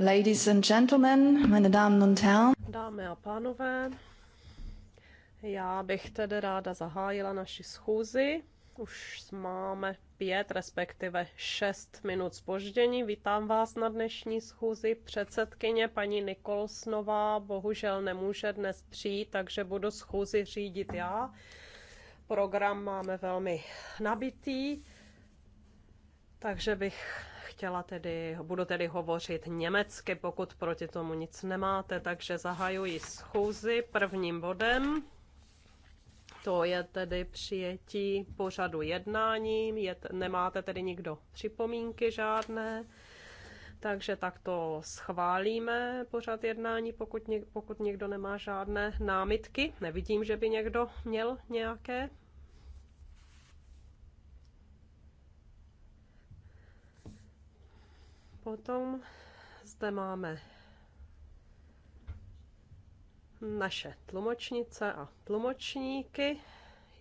Ladies and gentlemen, meine Damen und Herren. Dámy a pánové, já bych tedy ráda zahájila naši schůzi. Už máme pět, respektive šest minut spoždění. Vítám vás na dnešní schůzi. Předsedkyně paní Nikolsnová bohužel nemůže dnes přijít, takže budu schůzi řídit já. Program máme velmi nabitý, takže bych chtěla tedy, budu tedy hovořit německy, pokud proti tomu nic nemáte, takže zahajuji schůzi prvním bodem. To je tedy přijetí pořadu jednání, je, nemáte tedy nikdo připomínky žádné, takže takto schválíme pořad jednání, pokud, něk, pokud někdo nemá žádné námitky. Nevidím, že by někdo měl nějaké Potom zde máme naše tlumočnice a tlumočníky.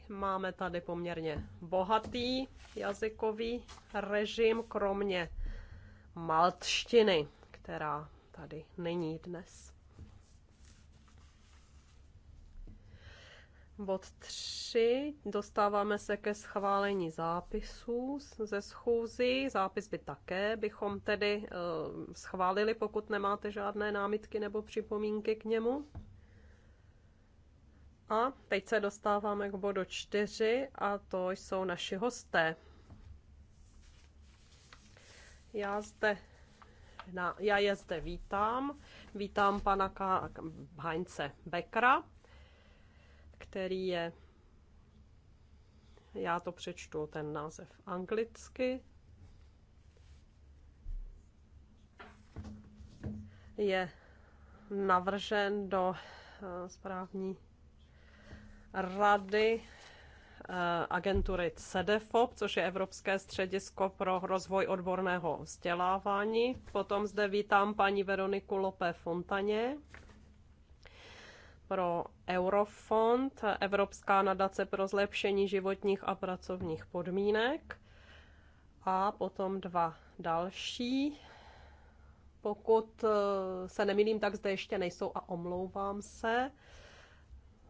Máme tady poměrně bohatý jazykový režim, kromě maltštiny, která tady není dnes. Bod 3. Dostáváme se ke schválení zápisů ze schůzí. Zápis by také bychom tedy eh, schválili, pokud nemáte žádné námitky nebo připomínky k němu. A teď se dostáváme k bodu 4 a to jsou naši hosté. Já zde na, já je zde vítám. Vítám pana K- Heinze Bekra, který je, já to přečtu, ten název anglicky, je navržen do eh, správní rady eh, agentury CEDEFOP, což je Evropské středisko pro rozvoj odborného vzdělávání. Potom zde vítám paní Veroniku Lope Fontaně, pro Eurofond, Evropská nadace pro zlepšení životních a pracovních podmínek a potom dva další. Pokud eh, se nemýlím, tak zde ještě nejsou a omlouvám se.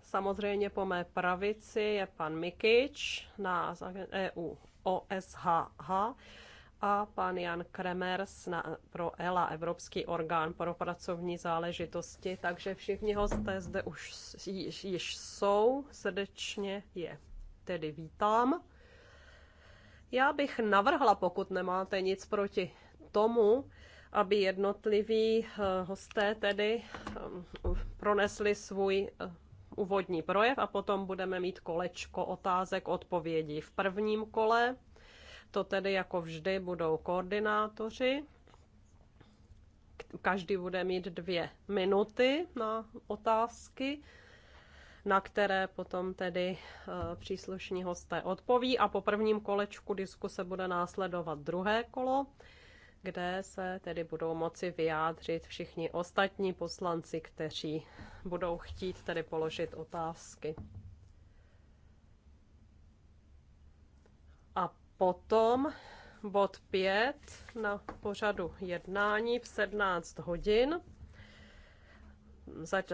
Samozřejmě po mé pravici je pan Mikič na EU OSHH a pan Jan Kremers na, pro ELA, Evropský orgán pro pracovní záležitosti. Takže všichni hosté zde už již, již jsou, srdečně je tedy vítám. Já bych navrhla, pokud nemáte nic proti tomu, aby jednotliví eh, hosté tedy eh, pronesli svůj eh, úvodní projev a potom budeme mít kolečko otázek odpovědí v prvním kole to tedy jako vždy budou koordinátoři. Každý bude mít dvě minuty na otázky na které potom tedy e, příslušní hosté odpoví. A po prvním kolečku diskuse bude následovat druhé kolo, kde se tedy budou moci vyjádřit všichni ostatní poslanci, kteří budou chtít tedy položit otázky. Potom bod 5 na pořadu jednání v 17 hodin.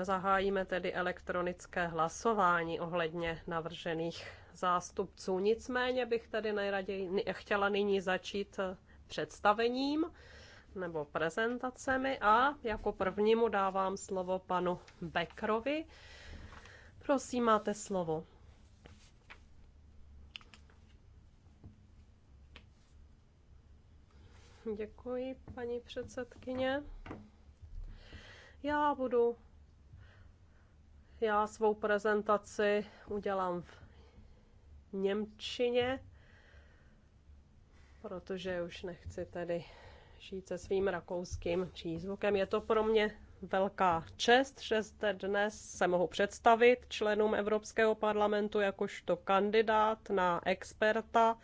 Zahájíme tedy elektronické hlasování ohledně navržených zástupců. Nicméně bych tady nejraději chtěla nyní začít představením nebo prezentacemi a jako prvnímu dávám slovo panu Bekrovi. Prosím, máte slovo. Děkuji, paní předsedkyně. Já budu, já svou prezentaci udělám v Němčině, protože už nechci tedy žít se svým rakouským přízvukem. Je to pro mě velká čest, že zde dnes se mohu představit členům Evropského parlamentu jakožto kandidát na experta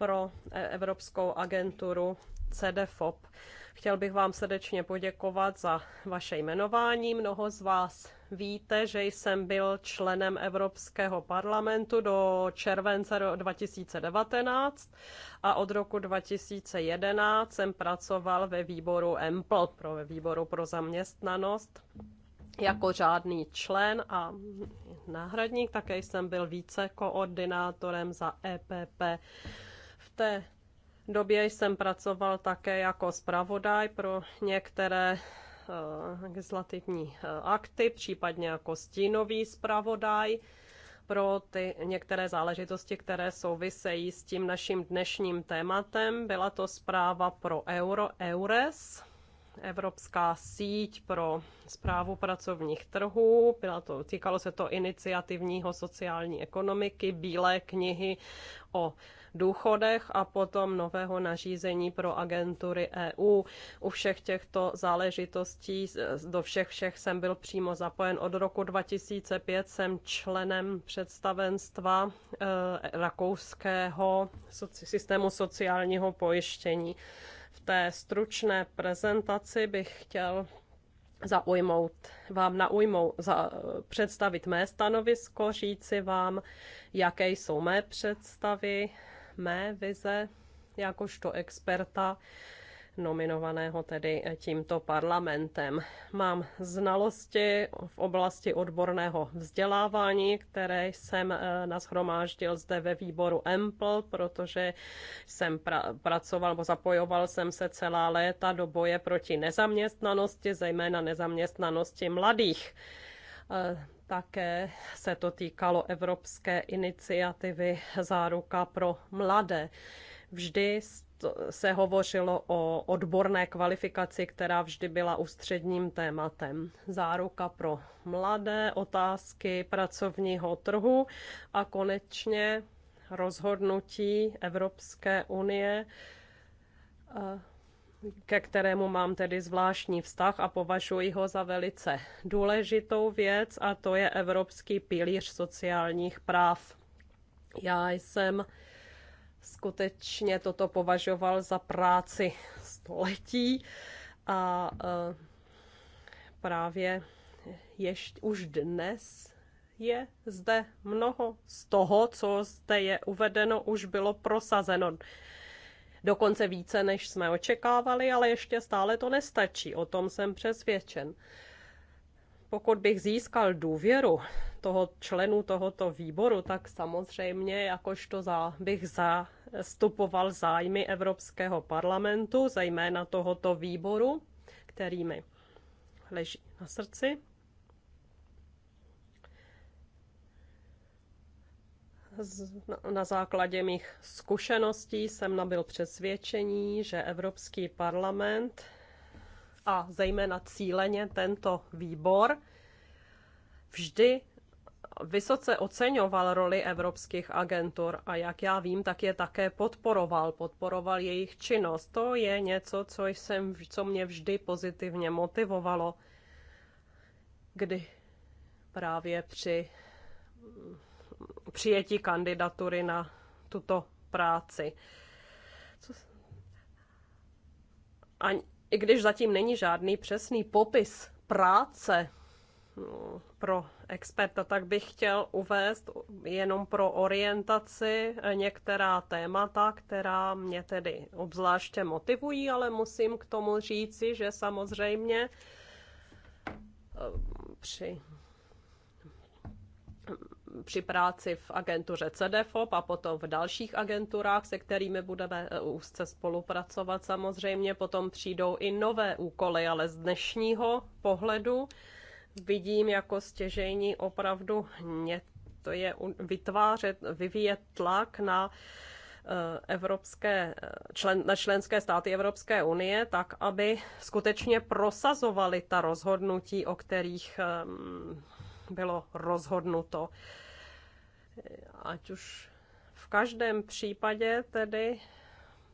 pro e, Evropskou agenturu CDFOP. Chtěl bych vám srdečně poděkovat za vaše jmenování. Mnoho z vás víte, že jsem byl členem Evropského parlamentu do července 2019 a od roku 2011 jsem pracoval ve výboru EMPL, pro výboru pro zaměstnanost jako řádný člen a náhradník. Také jsem byl více koordinátorem za EPP té době jsem pracoval také jako zpravodaj pro některé eh, legislativní eh, akty, případně jako stínový zpravodaj pro ty některé záležitosti, které souvisejí s tím naším dnešním tématem. Byla to zpráva pro Euro, EURES, Evropská síť pro zprávu pracovních trhů. Byla to, týkalo se to iniciativního sociální ekonomiky, bílé knihy o důchodech a potom nového nařízení pro agentury EU. U všech těchto záležitostí, do všech všech jsem byl přímo zapojen. Od roku 2005 jsem členem představenstva eh, rakouského systému sociálního pojištění. V té stručné prezentaci bych chtěl zaujmout, vám naujmout, za, představit mé stanovisko, říci vám, jaké jsou mé představy mé vize jakožto experta nominovaného tedy tímto parlamentem. Mám znalosti v oblasti odborného vzdělávání, které jsem eh, nashromáždil zde ve výboru EMPL, protože jsem pra- pracoval, bo zapojoval jsem se celá léta do boje proti nezaměstnanosti, zejména nezaměstnanosti mladých eh, také se to týkalo Evropské iniciativy Záruka pro mladé. Vždy se hovořilo o odborné kvalifikaci, která vždy byla ústředním tématem. Záruka pro mladé, otázky pracovního trhu a konečně rozhodnutí Evropské unie eh, ke kterému mám tedy zvláštní vztah a považuji ho za velice důležitou věc, a to je Evropský pilíř sociálních práv. Já jsem skutečně toto považoval za práci století a eh, právě ještě už dnes je zde mnoho z toho, co zde je uvedeno, už bylo prosazeno dokonce více, než jsme očekávali, ale ještě stále to nestačí, o tom jsem přesvědčen. Pokud bych získal důvěru toho členu tohoto výboru, tak samozřejmě jakožto za, bych zastupoval zájmy Evropského parlamentu, zejména tohoto výboru, který mi leží na srdci. na základě mých zkušeností jsem nabil přesvědčení, že Evropský parlament a zejména cíleně tento výbor vždy vysoce oceňoval roli evropských agentur a jak já vím, tak je také podporoval, podporoval jejich činnost. To je něco, co, jsem, co mě vždy pozitivně motivovalo, kdy právě při přijetí kandidatury na tuto práci. Co... A i když zatím není žádný přesný popis práce no, pro experta, tak bych chtěl uvést jenom pro orientaci některá témata, která mě tedy obzvláště motivují, ale musím k tomu říci, že samozřejmě eh, při při práci v agentuře CDFOP a potom v dalších agenturách, se kterými budeme e, úzce spolupracovat samozřejmě. Potom přijdou i nové úkoly, ale z dnešního pohledu vidím jako stěžejní opravdu mě to je vytvářet, vyvíjet tlak na e, evropské, e, člen, na členské státy Evropské unie, tak aby skutečně prosazovali ta rozhodnutí, o kterých bylo rozhodnuto. Ať už v každém případě tedy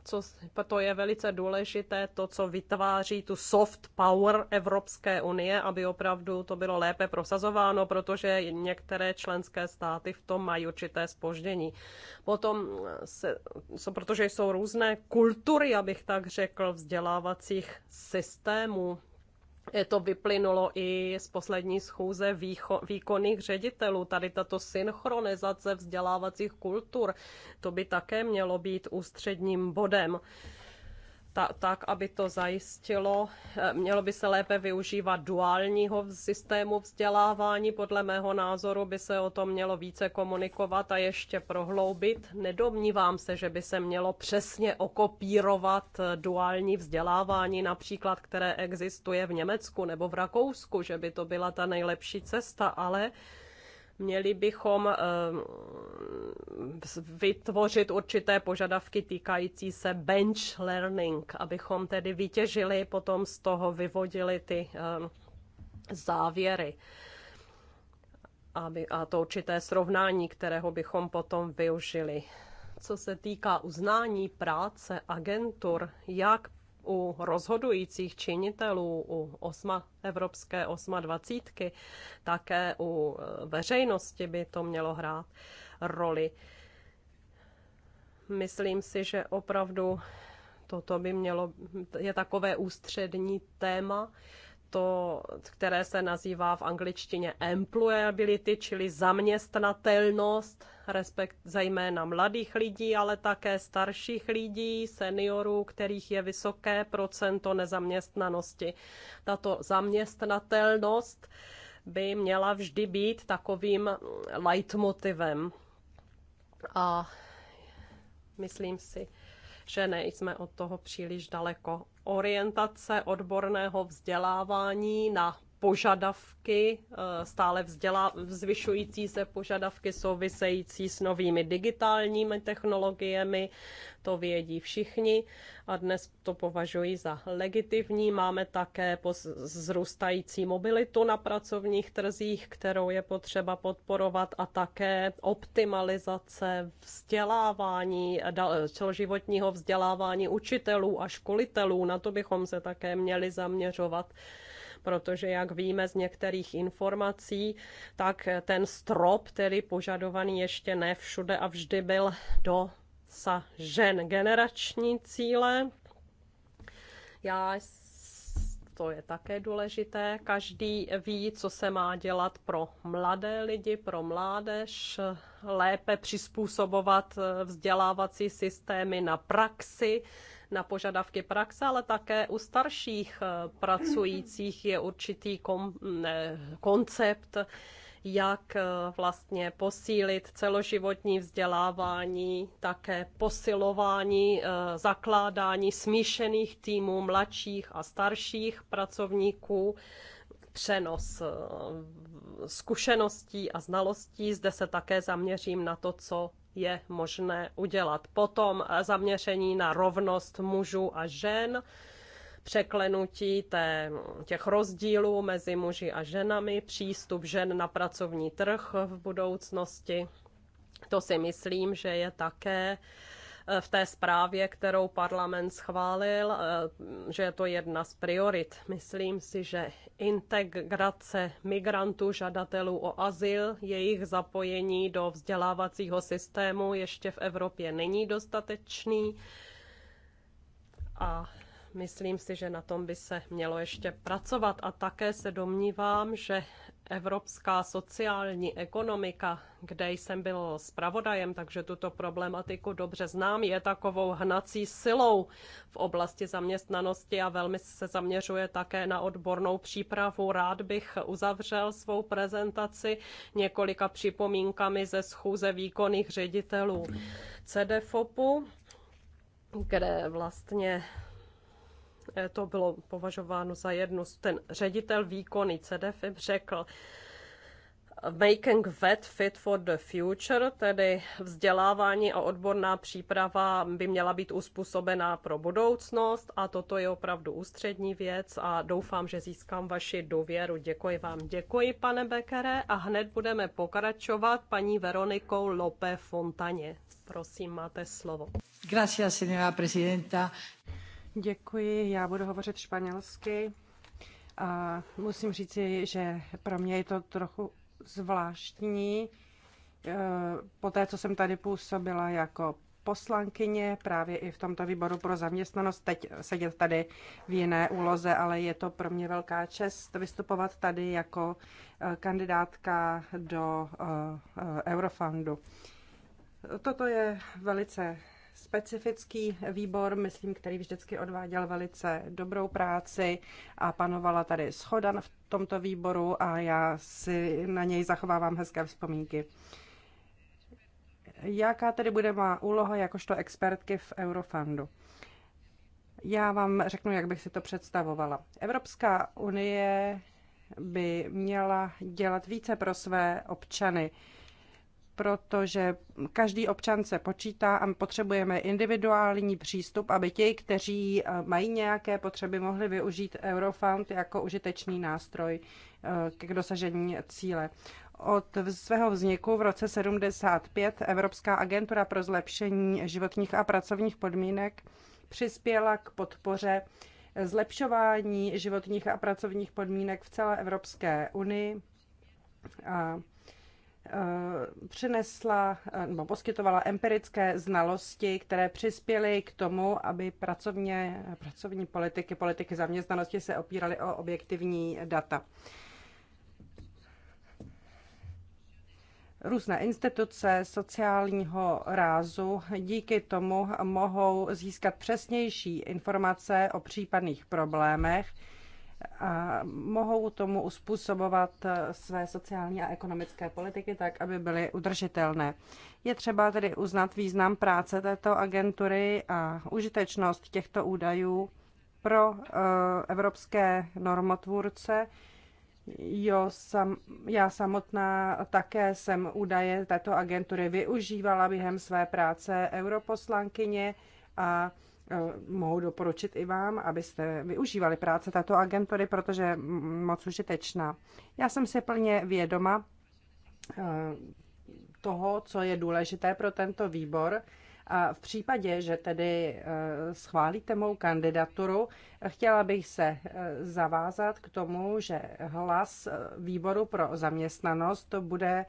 co, to je velice důležité, to, co vytváří tu soft power Evropské unie, aby opravdu to bylo lépe prosazováno, protože některé členské státy v tom mají určité spoždění. Potom, se, so, protože jsou různé kultury, abych tak řekl, vzdělávacích systémů, Eh, to vyplynulo i z poslední schůze výcho, výkonných ředitelů. Tady tato synchronizace vzdělávacích kultur, to by také mělo být ústředním bodem ta, tak, aby to zajistilo. Eh, mělo by se lépe využívat duálního systému vzdělávání. Podle mého názoru by se o tom mělo více komunikovat a ještě prohloubit. Nedomnívám se, že by se mělo přesně okopírovat eh, duální vzdělávání, například které existuje v Německu nebo v Rakousku, že by to byla ta nejlepší cesta, ale Měli bychom eh, vytvořit určité požadavky týkající se bench learning, abychom tedy vytěžili, potom z toho vyvodili ty eh, závěry a to určité srovnání, kterého bychom potom využili. Co se týká uznání práce agentur, jak u rozhodujících činitelů, u osma, evropské osma dvacítky, také u e, veřejnosti by to mělo hrát roli. Myslím si, že opravdu toto by mělo, je takové ústřední téma, to, které se nazývá v angličtině employability, čili zaměstnatelnost respekt zejména mladých lidí, ale také starších lidí, seniorů, kterých je vysoké procento nezaměstnanosti. Tato zaměstnatelnost by měla vždy být takovým leitmotivem. A myslím si, že nejsme od toho příliš daleko. Orientace odborného vzdělávání na požadavky, eh, stále vzdělá, zvyšující se požadavky související s novými digitálními technologiemi, to vědí všichni a dnes to považuji za legitimní. Máme také zrůstající mobilitu na pracovních trzích, kterou je potřeba podporovat a také optimalizace vzdělávání, celoživotního vzdělávání učitelů a školitelů. Na to bychom se také měli zaměřovat protože jak víme z některých informací, tak ten strop, který požadovaný ještě ne všude a vždy byl do sa žen generační cíle. Já to je také důležité. Každý ví, co se má dělat pro mladé lidi, pro mládež, lépe přizpůsobovat eh, vzdělávací systémy na praxi, na požadavky praxe, ale také u starších eh, pracujících je určitý kom, ne, koncept, jak eh, vlastně posílit celoživotní vzdělávání, také posilování, eh, zakládání smíšených týmů mladších a starších pracovníků, přenos zkušeností a znalostí. Zde se také zaměřím na to, co je možné udělat. Potom zaměření na rovnost mužů a žen, překlenutí té, těch rozdílů mezi muži a ženami, přístup žen na pracovní trh v budoucnosti. To si myslím, že je také Eh, v té zprávě, kterou parlament schválil, eh, že je to jedna z priorit. Myslím si, že integrace migrantů, žadatelů o azyl, jejich zapojení do vzdělávacího systému ještě v Evropě není dostatečný. A myslím si, že na tom by se mělo ještě pracovat. A také se domnívám, že evropská sociální ekonomika, kde jsem byl zpravodajem, takže tuto problematiku dobře znám, je takovou hnací silou v oblasti zaměstnanosti a velmi se zaměřuje také na odbornou přípravu. Rád bych uzavřel svou prezentaci několika připomínkami ze schůze výkonných ředitelů CDFOPu, kde vlastně Eh, to bylo považováno za jednu. Ten ředitel výkony CDF řekl, Making VET Fit for the Future, tedy vzdělávání a odborná příprava by měla být uspůsobená pro budoucnost a toto je opravdu ústřední věc a doufám, že získám vaši důvěru. Děkuji vám. Děkuji, pane Bekere, a hned budeme pokračovat paní Veronikou Lope Fontaně. Prosím, máte slovo. Gracias, señora presidenta. Děkuji, já budu hovořit španělsky. A musím říci, že pro mě je to trochu zvláštní. E, po té, co jsem tady působila jako poslankyně právě i v tomto výboru pro zaměstnanost, teď sedět tady v jiné úloze, ale je to pro mě velká čest vystupovat tady jako e, kandidátka do e, Eurofundu. Toto je velice specifický výbor, myslím, který vždycky odváděl velice dobrou práci a panovala tady schoda v tomto výboru a já si na něj zachovávám hezké vzpomínky. Jaká tedy bude má úloha jakožto expertky v Eurofundu? Já vám řeknu, jak bych si to představovala. Evropská unie by měla dělat více pro své občany protože každý občan se počítá a potřebujeme individuální přístup, aby ti, kteří eh, mají nějaké potřeby, mohli využít Eurofound jako užitečný nástroj eh, k dosažení cíle. Od svého vzniku v roce 75 Evropská agentura pro zlepšení životních a pracovních podmínek přispěla k podpoře zlepšování životních a pracovních podmínek v celé Evropské unii. A Eh, přinesla eh, nebo poskytovala empirické znalosti, které přispěly k tomu, aby pracovně, pracovní politiky, politiky zaměstnanosti se opíraly o objektivní data. Různé instituce sociálního rázu díky tomu mohou získat přesnější informace o případných problémech, a mohou tomu uspůsobovat eh, své sociální a ekonomické politiky tak, aby byly udržitelné. Je třeba tedy uznat význam práce této agentury a užitečnost těchto údajů pro eh, evropské normotvůrce. Jo, sam, já samotná také jsem údaje této agentury využívala během své práce europoslankyně a Eh, mohu doporučit i vám, abyste využívali práce této agentury, protože je moc užitečná. Já jsem si plně vědoma eh, toho, co je důležité pro tento výbor. A v případě, že tedy eh, schválíte mou kandidaturu, chtěla bych se zavázat k tomu, že hlas výboru pro zaměstnanost bude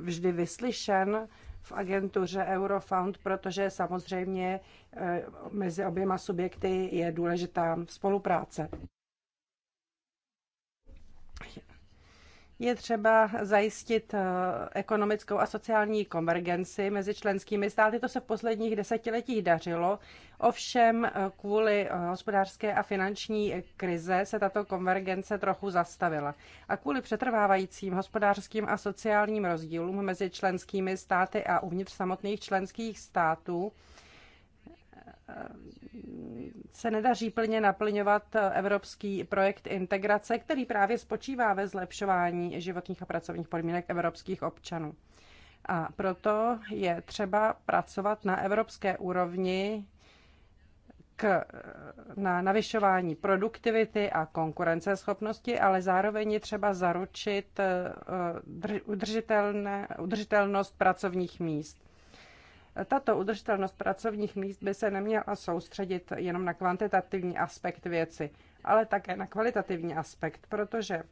vždy vyslyšen v agentuře Eurofound, protože samozřejmě eh, mezi oběma subjekty je důležitá spolupráce je třeba zajistit eh, ekonomickou a sociální konvergenci mezi členskými státy. To se v posledních desetiletích dařilo. Ovšem eh, kvůli eh, hospodářské a finanční krize se tato konvergence trochu zastavila. A kvůli přetrvávajícím hospodářským a sociálním rozdílům mezi členskými státy a uvnitř samotných členských států se nedaří plně naplňovat evropský projekt integrace, který právě spočívá ve zlepšování životních a pracovních podmínek evropských občanů. A proto je třeba pracovat na evropské úrovni k, na navyšování produktivity a konkurenceschopnosti, ale zároveň je třeba zaručit eh, udržitelné, udržitelnost pracovních míst. Tato udržitelnost pracovních míst by se neměla soustředit jenom na kvantitativní aspekt věci, ale také na kvalitativní aspekt, protože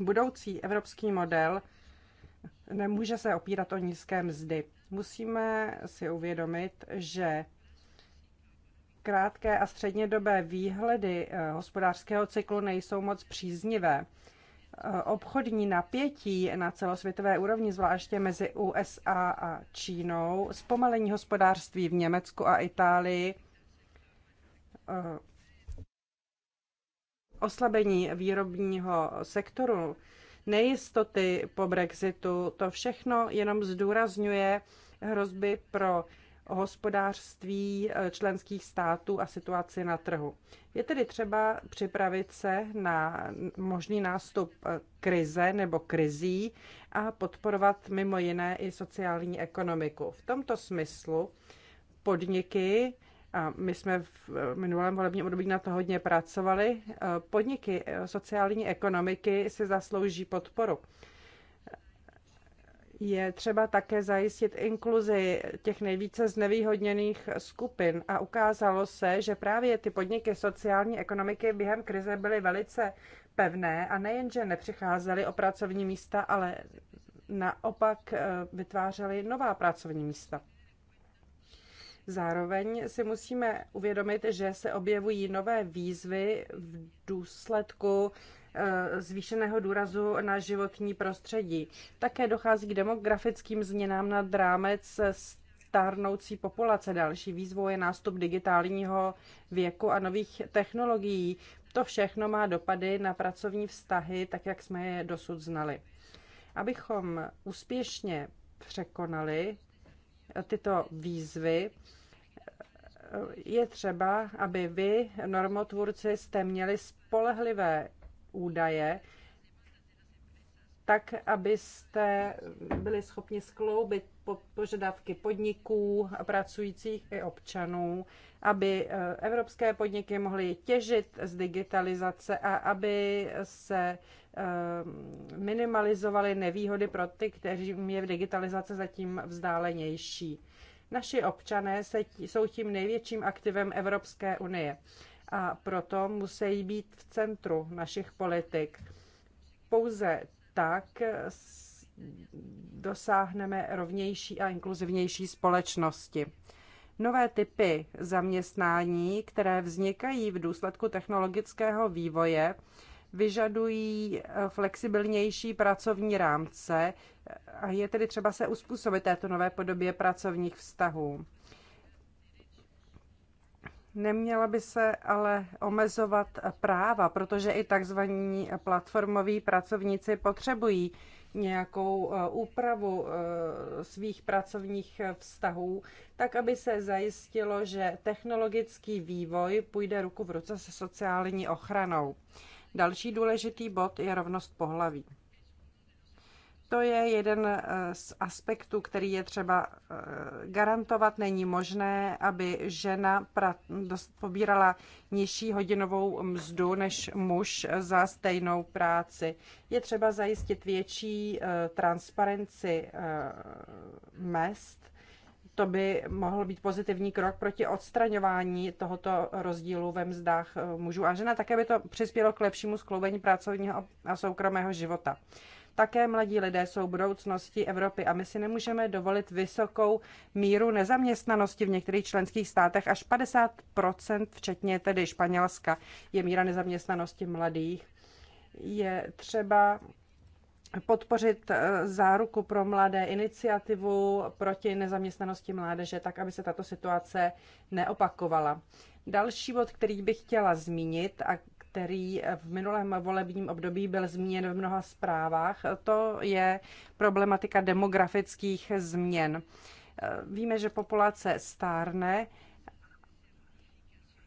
budoucí evropský model nemůže se opírat o nízké mzdy. Musíme si uvědomit, že krátké a střednědobé výhledy eh, hospodářského cyklu nejsou moc příznivé obchodní napětí na celosvětové úrovni, zvláště mezi USA a Čínou, zpomalení hospodářství v Německu a Itálii, eh, oslabení výrobního sektoru, nejistoty po Brexitu, to všechno jenom zdůrazňuje hrozby pro hospodářství eh, členských států a situaci na trhu. Je tedy třeba připravit se na možný nástup eh, krize nebo krizí a podporovat mimo jiné i sociální ekonomiku. V tomto smyslu podniky, a my jsme v eh, minulém volebním období na to hodně pracovali, podniky sociální ekonomiky si zaslouží podporu je třeba také zajistit inkluzi těch nejvíce znevýhodněných skupin. A ukázalo se, že právě ty podniky sociální ekonomiky během krize byly velice pevné a nejenže nepřicházely o pracovní místa, ale naopak eh, vytvářely nová pracovní místa. Zároveň si musíme uvědomit, že se objevují nové výzvy v důsledku Eh, zvýšeného důrazu na životní prostředí. Také dochází k demografickým změnám nad rámec stárnoucí populace. Další výzvou je nástup digitálního věku a nových technologií. To všechno má dopady na pracovní vztahy, tak jak jsme je dosud znali. Abychom úspěšně překonali eh, tyto výzvy, eh, je třeba, aby vy, normotvůrci, jste měli spolehlivé údaje, tak abyste byli schopni skloubit požadavky podniků, pracujících i občanů, aby eh, evropské podniky mohly těžit z digitalizace a aby se eh, minimalizovaly nevýhody pro ty, kteří je v digitalizace zatím vzdálenější. Naši občané se tí, jsou tím největším aktivem Evropské unie a proto musí být v centru našich politik. Pouze tak dosáhneme rovnější a inkluzivnější společnosti. Nové typy zaměstnání, které vznikají v důsledku technologického vývoje, vyžadují eh, flexibilnější pracovní rámce eh, a je tedy třeba se uspůsobit této nové podobě pracovních vztahů. Neměla by se ale omezovat práva, protože i tzv. platformoví pracovníci potřebují nějakou eh, úpravu eh, svých pracovních vztahů, tak aby se zajistilo, že technologický vývoj půjde ruku v ruce se sociální ochranou. Další důležitý bod je rovnost pohlaví. To je jeden eh, z aspektů, který je třeba eh, garantovat. Není možné, aby žena pobírala nižší hodinovou mzdu než muž za stejnou práci. Je třeba zajistit větší eh, transparenci mest. To by mohl být pozitivní krok proti odstraňování tohoto rozdílu ve mzdách mužů a žena. Také by to přispělo k lepšímu skloubení pracovního a soukromého života. Také mladí lidé jsou budoucností Evropy a my si nemůžeme dovolit vysokou míru nezaměstnanosti v některých členských státech až 50 včetně tedy Španělska, je míra nezaměstnanosti mladých. Je třeba podpořit eh, záruku pro mladé, iniciativu proti nezaměstnanosti mládeže, tak aby se tato situace neopakovala. Další bod, který bych chtěla zmínit a který v minulém volebním období byl zmíněn v mnoha zprávách, to je problematika demografických změn. Víme, že populace stárne,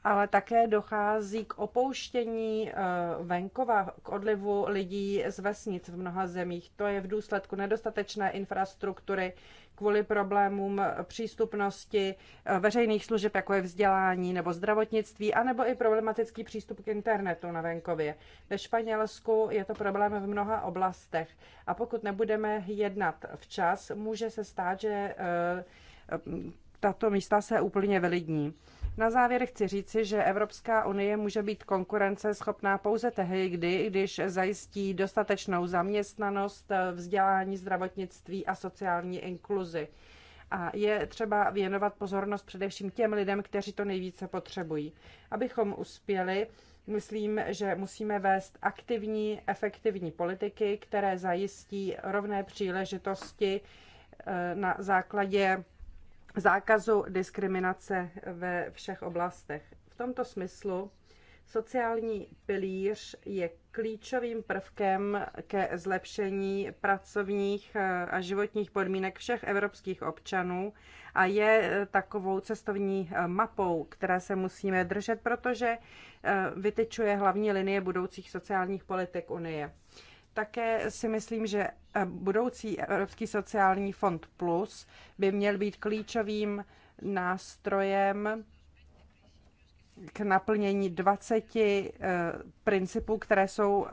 ale také dochází k opouštění eh, venkova, k odlivu lidí z vesnic v mnoha zemích. To je v důsledku nedostatečné infrastruktury, kvůli problémům přístupnosti eh, veřejných služeb, jako je vzdělání nebo zdravotnictví, anebo i problematický přístup k internetu na venkově. Ve Španělsku je to problém v mnoha oblastech a pokud nebudeme jednat včas, může se stát, že eh, tato místa se úplně vylidní. Na závěr chci říci, že Evropská unie může být konkurenceschopná pouze tehdy, kdy, když zajistí dostatečnou zaměstnanost, vzdělání, zdravotnictví a sociální inkluzi. A je třeba věnovat pozornost především těm lidem, kteří to nejvíce potřebují. Abychom uspěli, myslím, že musíme vést aktivní, efektivní politiky, které zajistí rovné příležitosti eh, na základě zákazu diskriminace ve všech oblastech. V tomto smyslu sociální pilíř je klíčovým prvkem ke zlepšení pracovních eh, a životních podmínek všech evropských občanů a je eh, takovou cestovní eh, mapou, které se musíme držet, protože vytyčuje hlavní linie budoucích sociálních politik Unie. Také si myslím, že eh, budoucí Evropský sociální fond plus by měl být klíčovým nástrojem k naplnění 20 eh, principů, které jsou eh,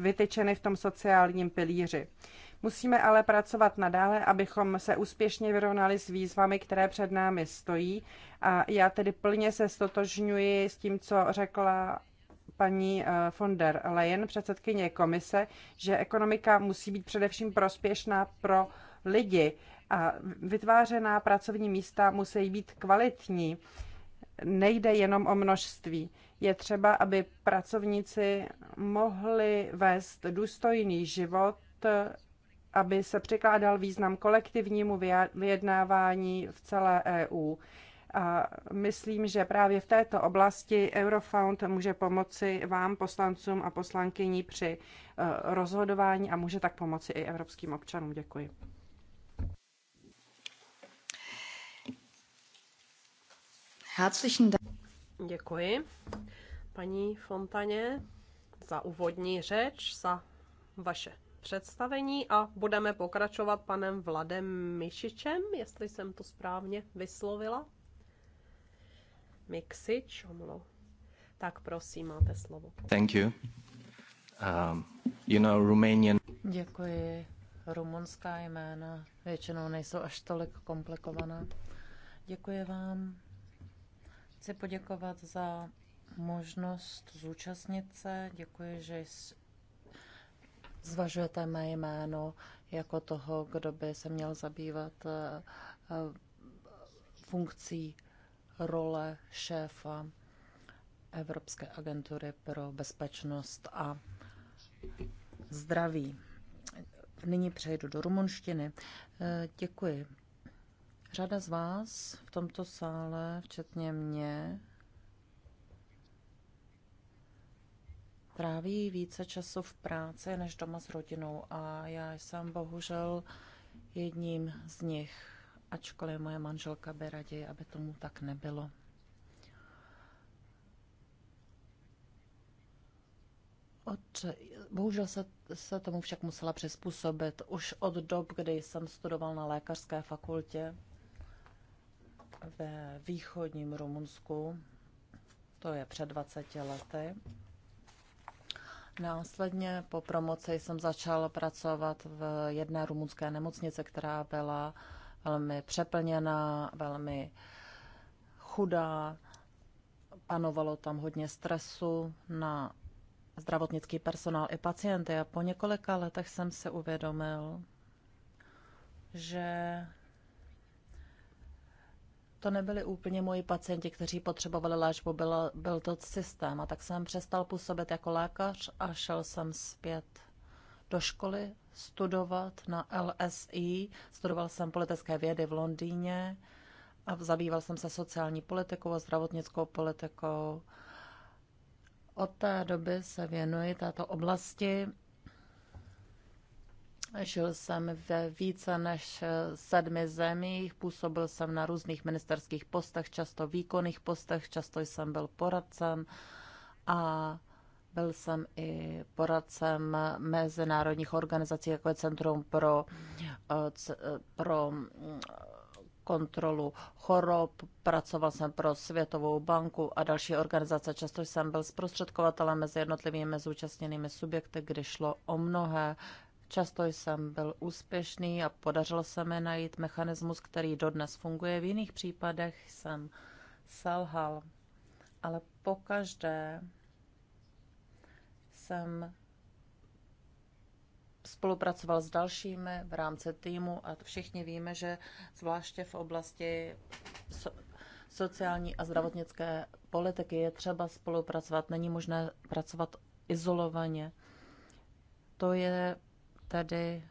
vytyčeny v tom sociálním pilíři. Musíme ale pracovat nadále, abychom se úspěšně vyrovnali s výzvami, které před námi stojí. A já tedy plně se stotožňuji s tím, co řekla paní eh, von der Leyen, předsedkyně komise, že ekonomika musí být především prospěšná pro lidi a vytvářená pracovní místa musí být kvalitní. Nejde jenom o množství. Je třeba, aby pracovníci mohli vést důstojný život, aby se přikládal význam kolektivnímu vyjednávání v celé EU. A myslím, že právě v této oblasti Eurofound může pomoci vám, poslancům a poslankyní, při eh, rozhodování a může tak pomoci i evropským občanům. Děkuji. Děkuji paní Fontaně za úvodní řeč, za vaše představení a budeme pokračovat panem Vladem Mišičem, jestli jsem to správně vyslovila. Mixič, omlou. Tak prosím, máte slovo. Thank you. Um, you know, Romanian... Děkuji. Rumunská jména většinou nejsou až tolik komplikovaná. Děkuji vám. Chci poděkovat za možnost zúčastnit se. Děkuji, že zvažujete mé jméno jako toho, kdo by se měl zabývat eh, eh, funkcí role šéfa Evropské agentury pro bezpečnost a zdraví. Nyní přejdu do rumunštiny. Eh, děkuji. Řada z vás v tomto sále, včetně mě, tráví více času v práci než doma s rodinou a já jsem bohužel jedním z nich ačkoliv moje manželka by raději, aby tomu tak nebylo. Od, bohužel se, se tomu však musela přizpůsobit už od dob, kdy jsem studoval na lékařské fakultě ve východním Rumunsku, to je před 20 lety. Následně po promoci jsem začal pracovat v jedné rumunské nemocnici, která byla uh, velmi přeplněná, velmi chudá, panovalo tam hodně stresu na zdravotnický personál i pacienty. A po několika letech jsem se uvědomil, že to nebyli úplně moji pacienti, kteří potřebovali léčbu, byl, byl to systém. A tak jsem přestal působit jako lékař a šel jsem zpět do školy studovat na LSI. Studoval jsem politické vědy v Londýně a zabýval jsem se sociální politikou a zdravotnickou politikou. Od té doby se věnuji této oblasti. Žil jsem ve více než sedmi zemích, působil jsem na různých ministerských postech, často výkonných postech, často jsem byl poradcem a byl jsem i poradcem mezinárodních organizací, jako je Centrum pro, eh, eh, pro mm, kontrolu chorob, pracoval jsem pro Světovou banku a další organizace. Často jsem byl zprostředkovatelem mezi jednotlivými zúčastněnými subjekty, kdy šlo o mnohé. Často jsem byl úspěšný a podařilo se mi najít mechanismus, který dodnes funguje. V jiných případech jsem selhal, ale pokaždé jsem spolupracoval s dalšími v rámci týmu a všichni víme, že zvláště v oblasti sociální a zdravotnické politiky je třeba spolupracovat. Není možné pracovat izolovaně. To je tedy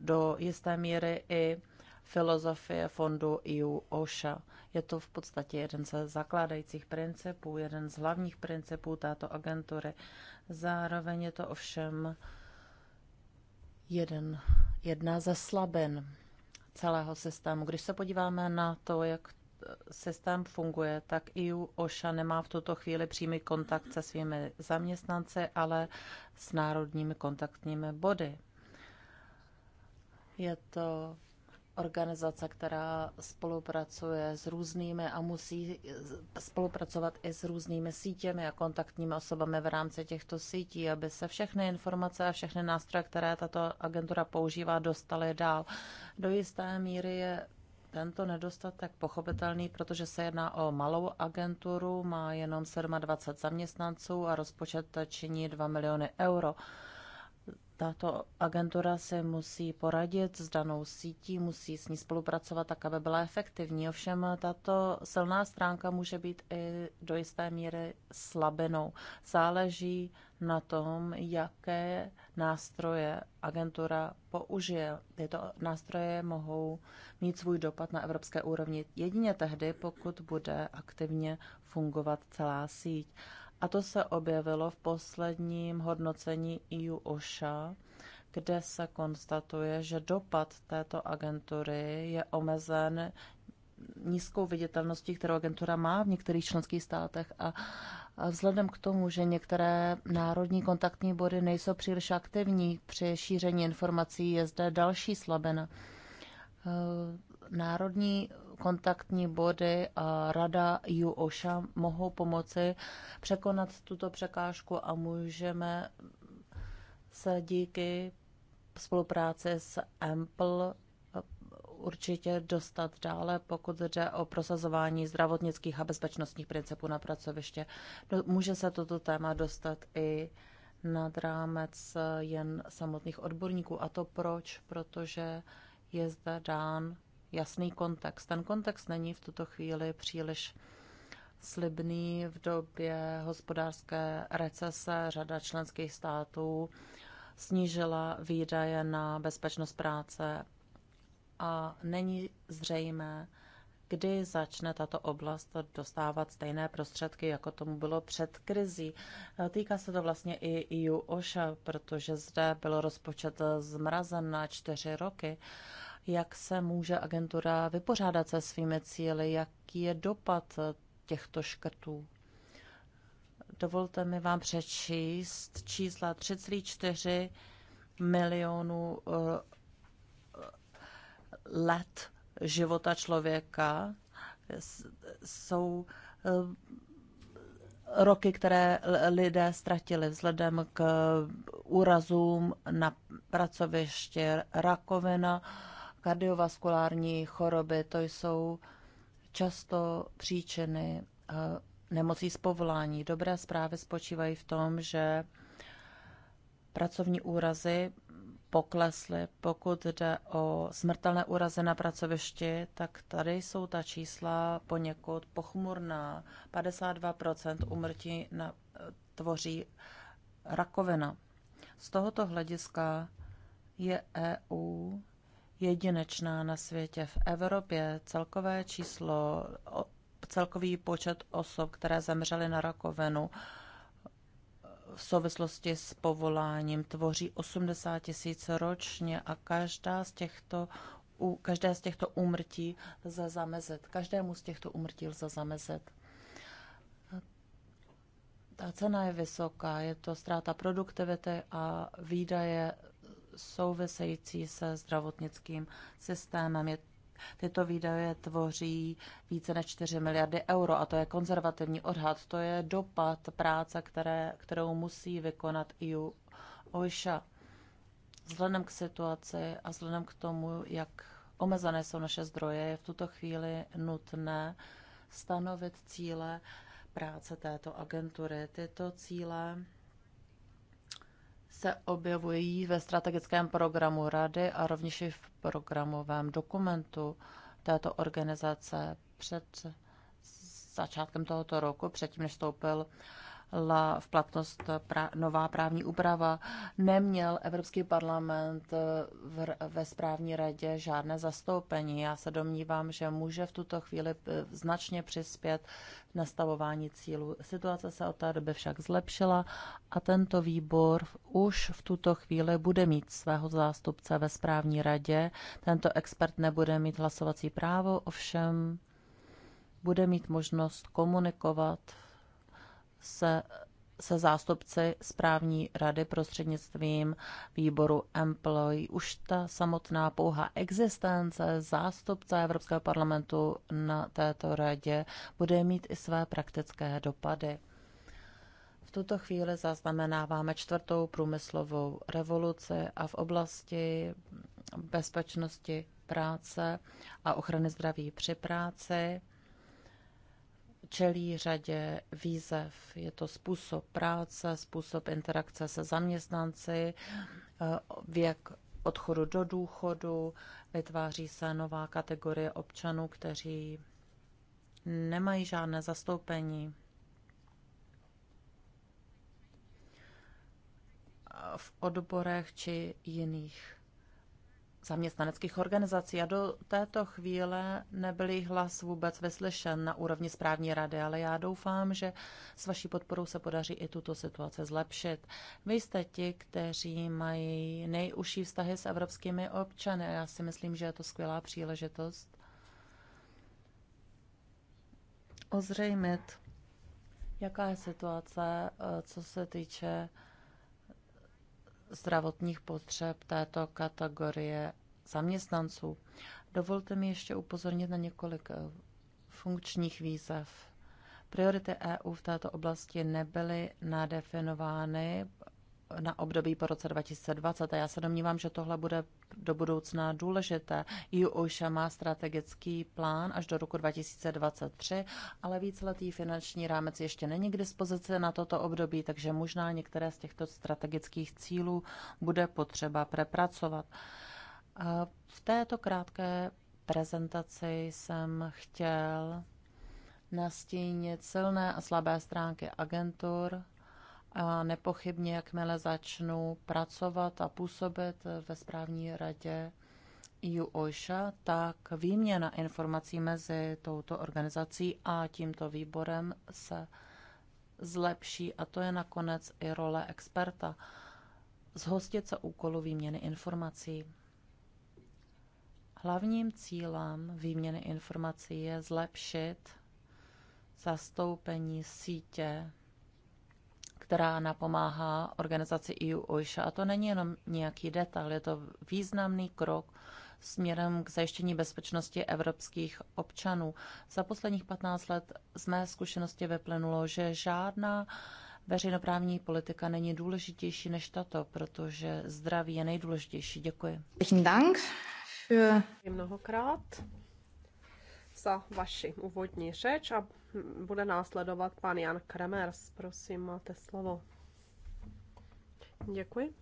do jisté míry i filozofie fondu EU OSHA. Je to v podstatě jeden ze zakládajících principů, jeden z hlavních principů této agentury. Zároveň je to ovšem jeden, jedna ze slabin celého systému. Když se podíváme na to, jak systém funguje, tak EU OSHA nemá v tuto chvíli přímý kontakt se svými zaměstnanci, ale s národními kontaktními body. Je to organizace, která spolupracuje s různými a musí spolupracovat i s různými sítěmi a kontaktními osobami v rámci těchto sítí, aby se všechny informace a všechny nástroje, které tato agentura používá, dostaly dál. Do jisté míry je tento nedostatek pochopitelný, protože se jedná o malou agenturu, má jenom 27 zaměstnanců a rozpočet činí 2 miliony euro. Tato agentura se musí poradit s danou sítí, musí s ní spolupracovat tak, aby byla efektivní. Ovšem, tato silná stránka může být i do jisté míry slabinou. Záleží na tom, jaké nástroje agentura použije. Tyto nástroje mohou mít svůj dopad na evropské úrovni jedině tehdy, pokud bude aktivně fungovat celá síť. A to se objevilo v posledním hodnocení EU OSHA, kde se konstatuje, že dopad této agentury je omezen nízkou viditelností, kterou agentura má v některých členských státech a vzhledem k tomu, že některé národní kontaktní body nejsou příliš aktivní při šíření informací, je zde další slabina. E, národní kontaktní body a rada Osha mohou pomoci překonat tuto překážku a můžeme se díky spolupráci s Ample určitě dostat dále, pokud jde o prosazování zdravotnických a bezpečnostních principů na pracoviště. Může se toto téma dostat i nad rámec jen samotných odborníků. A to proč? Protože je zde dán jasný kontext. Ten kontext není v tuto chvíli příliš slibný. V době hospodářské recese řada členských států snížila výdaje na bezpečnost práce a není zřejmé, kdy začne tato oblast dostávat stejné prostředky, jako tomu bylo před krizí. Týká se to vlastně i EU OSHA, protože zde byl rozpočet zmrazen na čtyři roky jak se může agentura vypořádat se svými cíly, jaký je dopad těchto škrtů. Dovolte mi vám přečíst čísla 3,4 milionů eh, let života člověka. Jsou eh, roky, které lidé ztratili vzhledem k úrazům na pracoviště, rakovina, kardiovaskulární choroby, to jsou často příčiny eh, nemocí z povolání. Dobré zprávy spočívají v tom, že pracovní úrazy poklesly. Pokud jde o smrtelné úrazy na pracovišti, tak tady jsou ta čísla poněkud pochmurná. 52% umrtí na, eh, tvoří rakovina. Z tohoto hlediska je EU jedinečná na světě. V Evropě celkové číslo, celkový počet osob, které zemřely na rakovinu v souvislosti s povoláním, tvoří 80 tisíc ročně a každá z těchto u každé z těchto úmrtí lze zamezit. Každému z těchto úmrtí lze zamezit. Ta cena je vysoká, je to ztráta produktivity a výdaje související se zdravotnickým systémem. Je Tyto výdaje tvoří více než 4 miliardy euro a to je konzervativní odhad. To je dopad práce, které, kterou musí vykonat EU OISHA. Vzhledem k situaci a vzhledem k tomu, jak omezené jsou naše zdroje, je v tuto chvíli nutné stanovit cíle práce této agentury. Tyto cíle se objevují ve strategickém programu Rady a rovněž i v programovém dokumentu této organizace před začátkem tohoto roku, předtím, než vstoupil vstoupila v platnost pra, nová právní úprava, neměl Evropský parlament eh, v, ve správní radě žádné zastoupení. Já se domnívám, že může v tuto chvíli eh, značně přispět v nastavování cílů. Situace se od té doby však zlepšila a tento výbor už v tuto chvíli bude mít svého zástupce ve správní radě. Tento expert nebude mít hlasovací právo, ovšem bude mít možnost komunikovat se, se zástupci správní rady prostřednictvím výboru Employ. Už ta samotná pouha existence zástupce Evropského parlamentu na této radě bude mít i své praktické dopady. V tuto chvíli zaznamenáváme čtvrtou průmyslovou revoluci a v oblasti bezpečnosti práce a ochrany zdraví při práci čelí řadě výzev. Je to způsob práce, způsob interakce se zaměstnanci, eh, věk odchodu do důchodu, vytváří se nová kategorie občanů, kteří nemají žádné zastoupení. v odborech či jiných zaměstnaneckých organizací a do této chvíle nebyl jejich hlas vůbec vyslyšen na úrovni správní rady, ale já doufám, že s vaší podporou se podaří i tuto situaci zlepšit. Vy jste ti, kteří mají nejužší vztahy s evropskými občany a já si myslím, že je to skvělá příležitost ozřejmit, jaká je situace, eh, co se týče zdravotních potřeb této kategorie zaměstnanců. Dovolte mi ještě upozornit na několik eh, funkčních výzev. Priority EU v této oblasti nebyly nadefinovány na období po roce 2020. A já se domnívám, že tohle bude do budoucna důležité. EU OSHA má strategický plán až do roku 2023, ale víceletý finanční rámec ještě není k dispozici na toto období, takže možná některé z těchto strategických cílů bude potřeba prepracovat. v této krátké prezentaci jsem chtěl nastínit silné a slabé stránky agentur, a nepochybně, jakmile začnu pracovat a působit ve správní radě EU OSHA, tak výměna informací mezi touto organizací a tímto výborem se zlepší a to je nakonec i role experta. Zhostit se úkolu výměny informací. Hlavním cílem výměny informací je zlepšit zastoupení sítě která napomáhá organizaci EU OSHA. A to není jenom nějaký detail, je to významný krok směrem k zajištění bezpečnosti evropských občanů. Za posledních 15 let z mé zkušenosti vyplynulo, že žádná veřejnoprávní politika není důležitější než tato, protože zdraví je nejdůležitější. Děkuji. Děkuji Mnohokrát za vaši úvodní řeč a bude následovat pan Jan Kremers. Prosím, máte slovo. Děkuji.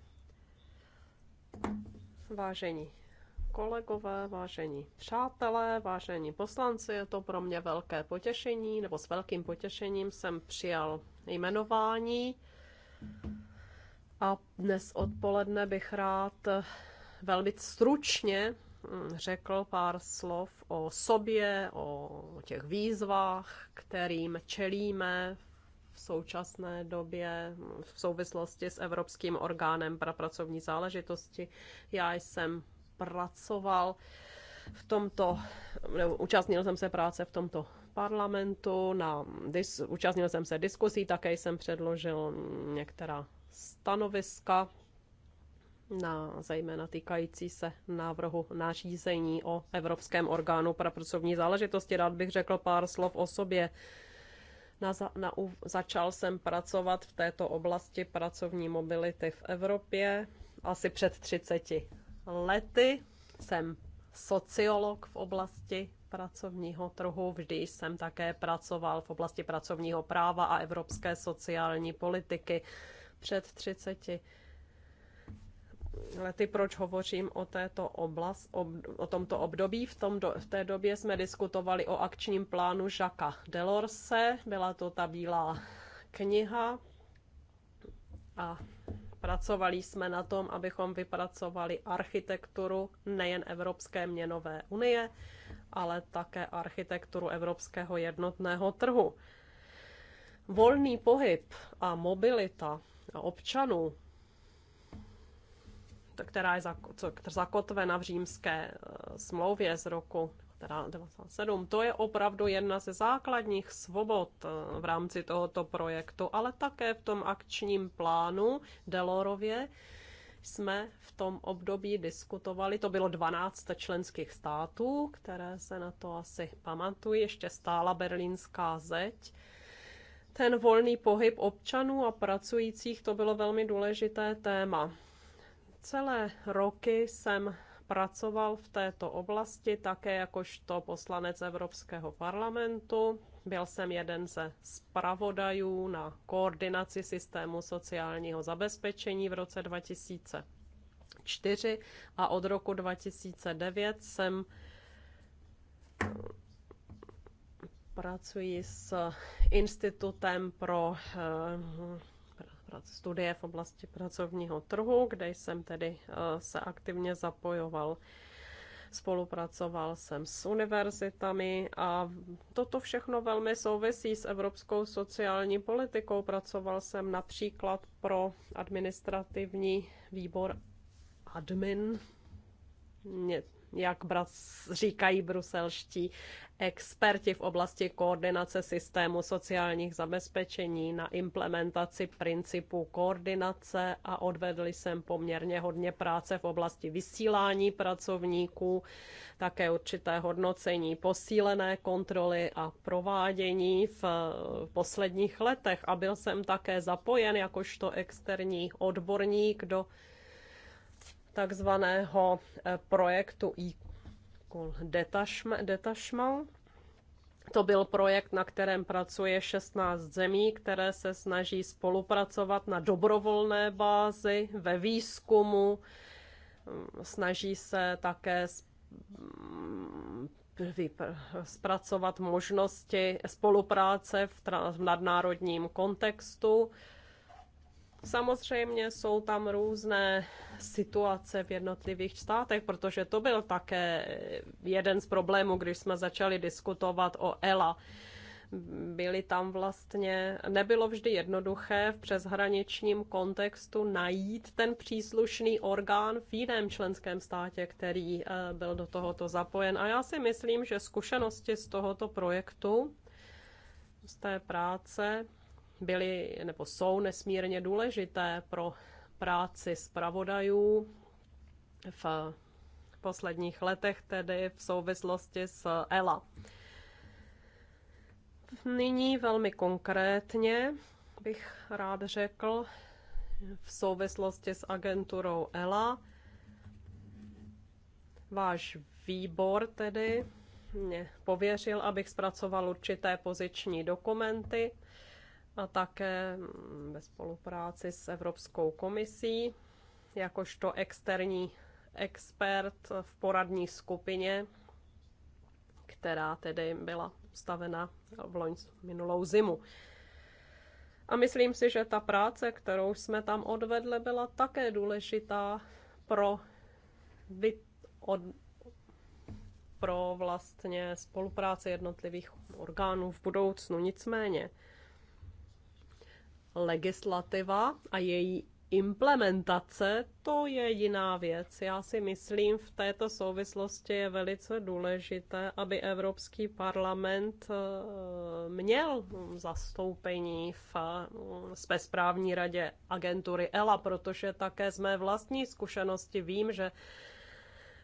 Vážení kolegové, vážení přátelé, vážení poslanci, je to pro mě velké potěšení, nebo s velkým potěšením jsem přijal jmenování. A dnes odpoledne bych rád velmi stručně Mm, řekl pár slov o sobě, o těch výzvách, kterým čelíme v současné době v souvislosti s Evropským orgánem pro pracovní záležitosti. Já jsem pracoval v tomto, nebo účastnil jsem se práce v tomto parlamentu, na, dis, účastnil jsem se diskusí, také jsem předložil mm, některá stanoviska na zejména týkající se návrhu nařízení o Evropském orgánu pro pracovní záležitosti. Rád bych řekl pár slov o sobě. Na, za, na, začal jsem pracovat v této oblasti pracovní mobility v Evropě asi před 30 lety. Jsem sociolog v oblasti pracovního trhu. Vždy jsem také pracoval v oblasti pracovního práva a evropské sociální politiky. Před 30 lety, proč hovořím o této oblast, ob, o tomto období. V, tom do, v té době jsme diskutovali o akčním plánu Žaka Delorse, byla to ta bílá kniha a pracovali jsme na tom, abychom vypracovali architekturu nejen Evropské měnové unie, ale také architekturu Evropského jednotného trhu. Volný pohyb a mobilita občanů která je zakotvena v římské eh, smlouvě z roku teda To je opravdu jedna ze základních svobod eh, v rámci tohoto projektu, ale také v tom akčním plánu Delorově jsme v tom období diskutovali, to bylo 12 členských států, které se na to asi pamatují, ještě stála berlínská zeď. Ten volný pohyb občanů a pracujících, to bylo velmi důležité téma. Celé roky jsem pracoval v této oblasti také jakožto poslanec Evropského parlamentu. Byl jsem jeden ze zpravodajů na koordinaci systému sociálního zabezpečení v roce 2004 a od roku 2009 jsem pracuji s Institutem pro eh, studie v oblasti pracovního trhu, kde jsem tedy eh, se aktivně zapojoval. Spolupracoval jsem s univerzitami a toto všechno velmi souvisí s evropskou sociální politikou. Pracoval jsem například pro administrativní výbor admin jak říkají bruselští experti v oblasti koordinace systému sociálních zabezpečení na implementaci principu koordinace a odvedli jsem poměrně hodně práce v oblasti vysílání pracovníků, také určité hodnocení posílené kontroly a provádění v posledních letech a byl jsem také zapojen jakožto externí odborník do takzvaného eh, projektu e Detachment. To byl projekt, na kterém pracuje 16 zemí, které se snaží spolupracovat na dobrovolné bázi ve výzkumu. Mm, snaží se také mm, zpracovat možnosti spolupráce v, v nadnárodním kontextu Samozřejmě jsou tam různé situace v jednotlivých státech, protože to byl také jeden z problémů, když jsme začali diskutovat o ELA. Byly tam vlastně, nebylo vždy jednoduché v přeshraničním kontextu najít ten příslušný orgán v jiném členském státě, který eh, byl do tohoto zapojen. A já si myslím, že zkušenosti z tohoto projektu, z té práce, byly nebo jsou nesmírně důležité pro práci zpravodajů v posledních letech, tedy v souvislosti s ELA. Nyní velmi konkrétně bych rád řekl v souvislosti s agenturou ELA. Váš výbor tedy mě pověřil, abych zpracoval určité poziční dokumenty a také ve spolupráci s Evropskou komisí jakožto externí expert v poradní skupině, která tedy byla stavena v loň minulou zimu. A myslím si, že ta práce, kterou jsme tam odvedli, byla také důležitá pro, vyt, od, pro vlastně spolupráci jednotlivých orgánů v budoucnu. Nicméně, legislativa a její implementace, to je jiná věc. Já si myslím, v této souvislosti je velice důležité, aby Evropský parlament eh, měl zastoupení v bezprávní eh, radě agentury ELA, protože také z mé vlastní zkušenosti vím, že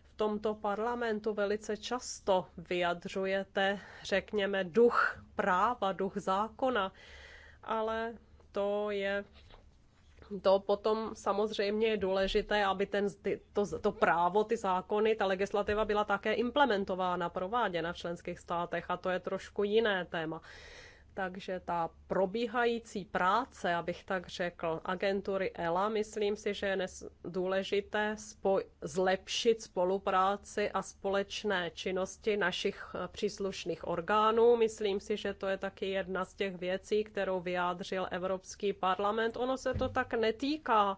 v tomto parlamentu velice často vyjadřujete, řekněme, duch práva, duch zákona, ale to je to potom samozřejmě je důležité, aby ten, ty, to, to právo, ty zákony, ta legislativa byla také implementována, prováděna v členských státech a to je trošku jiné téma. Takže ta probíhající práce, abych tak řekl, agentury ELA, myslím si, že je důležité spoj- zlepšit spolupráci a společné činnosti našich eh, příslušných orgánů. Myslím si, že to je taky jedna z těch věcí, kterou vyjádřil Evropský parlament. Ono se to tak netýká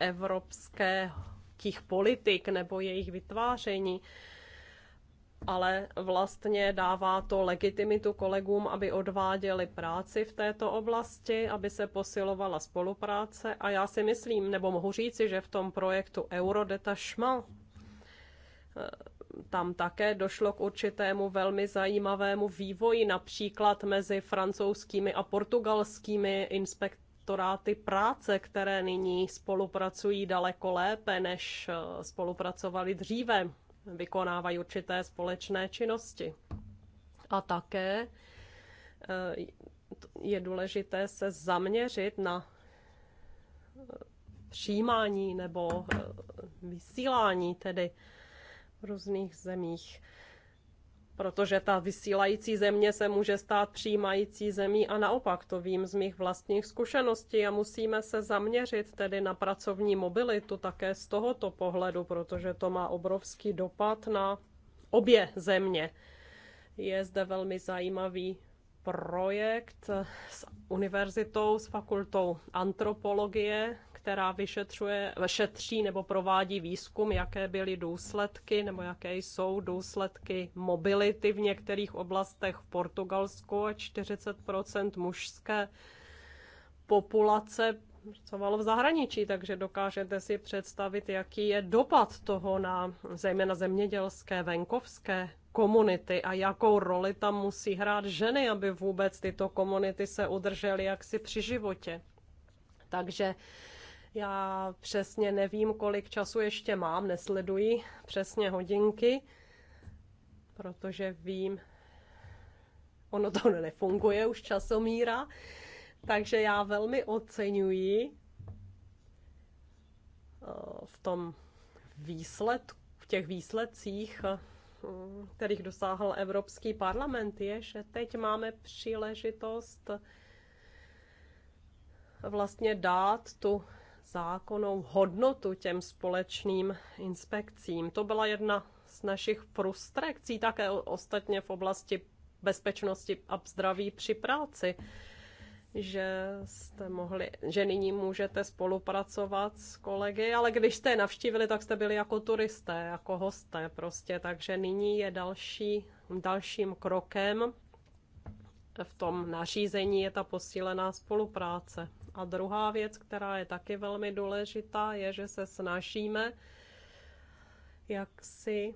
evropských těch politik nebo jejich vytváření, ale vlastně dává to legitimitu kolegům, aby odváděli práci v této oblasti, aby se posilovala spolupráce. A já si myslím, nebo mohu říci, že v tom projektu Eurodetachement eh, tam také došlo k určitému velmi zajímavému vývoji, například mezi francouzskými a portugalskými inspektoráty práce, které nyní spolupracují daleko lépe, než eh, spolupracovali dříve vykonávají určité společné činnosti. A také eh, je důležité se zaměřit na eh, přijímání nebo eh, vysílání tedy v různých zemích protože ta vysílající země se může stát přijímající zemí a naopak to vím z mých vlastních zkušeností a musíme se zaměřit tedy na pracovní mobilitu také z tohoto pohledu, protože to má obrovský dopad na obě země. Je zde velmi zajímavý projekt s univerzitou, s fakultou antropologie, která vyšetřuje, šetří nebo provádí výzkum, jaké byly důsledky nebo jaké jsou důsledky mobility v některých oblastech v Portugalsku a 40 mužské populace pracovalo v zahraničí, takže dokážete si představit, jaký je dopad toho na zejména zemědělské, venkovské komunity a jakou roli tam musí hrát ženy, aby vůbec tyto komunity se udržely jaksi při životě. Takže já přesně nevím, kolik času ještě mám, nesleduji přesně hodinky, protože vím, ono to nefunguje už časomíra, takže já velmi oceňuji eh, v tom výsledku, v těch výsledcích, eh, kterých dosáhl Evropský parlament, je, že teď máme příležitost vlastně dát tu zákonnou hodnotu těm společným inspekcím. To byla jedna z našich frustrekcí, také ostatně v oblasti bezpečnosti a zdraví při práci, že jste mohli, že nyní můžete spolupracovat s kolegy, ale když jste je navštívili, tak jste byli jako turisté, jako hosté prostě, takže nyní je další, dalším krokem v tom nařízení je ta posílená spolupráce a druhá věc, která je taky velmi důležitá, je, že se snažíme jak si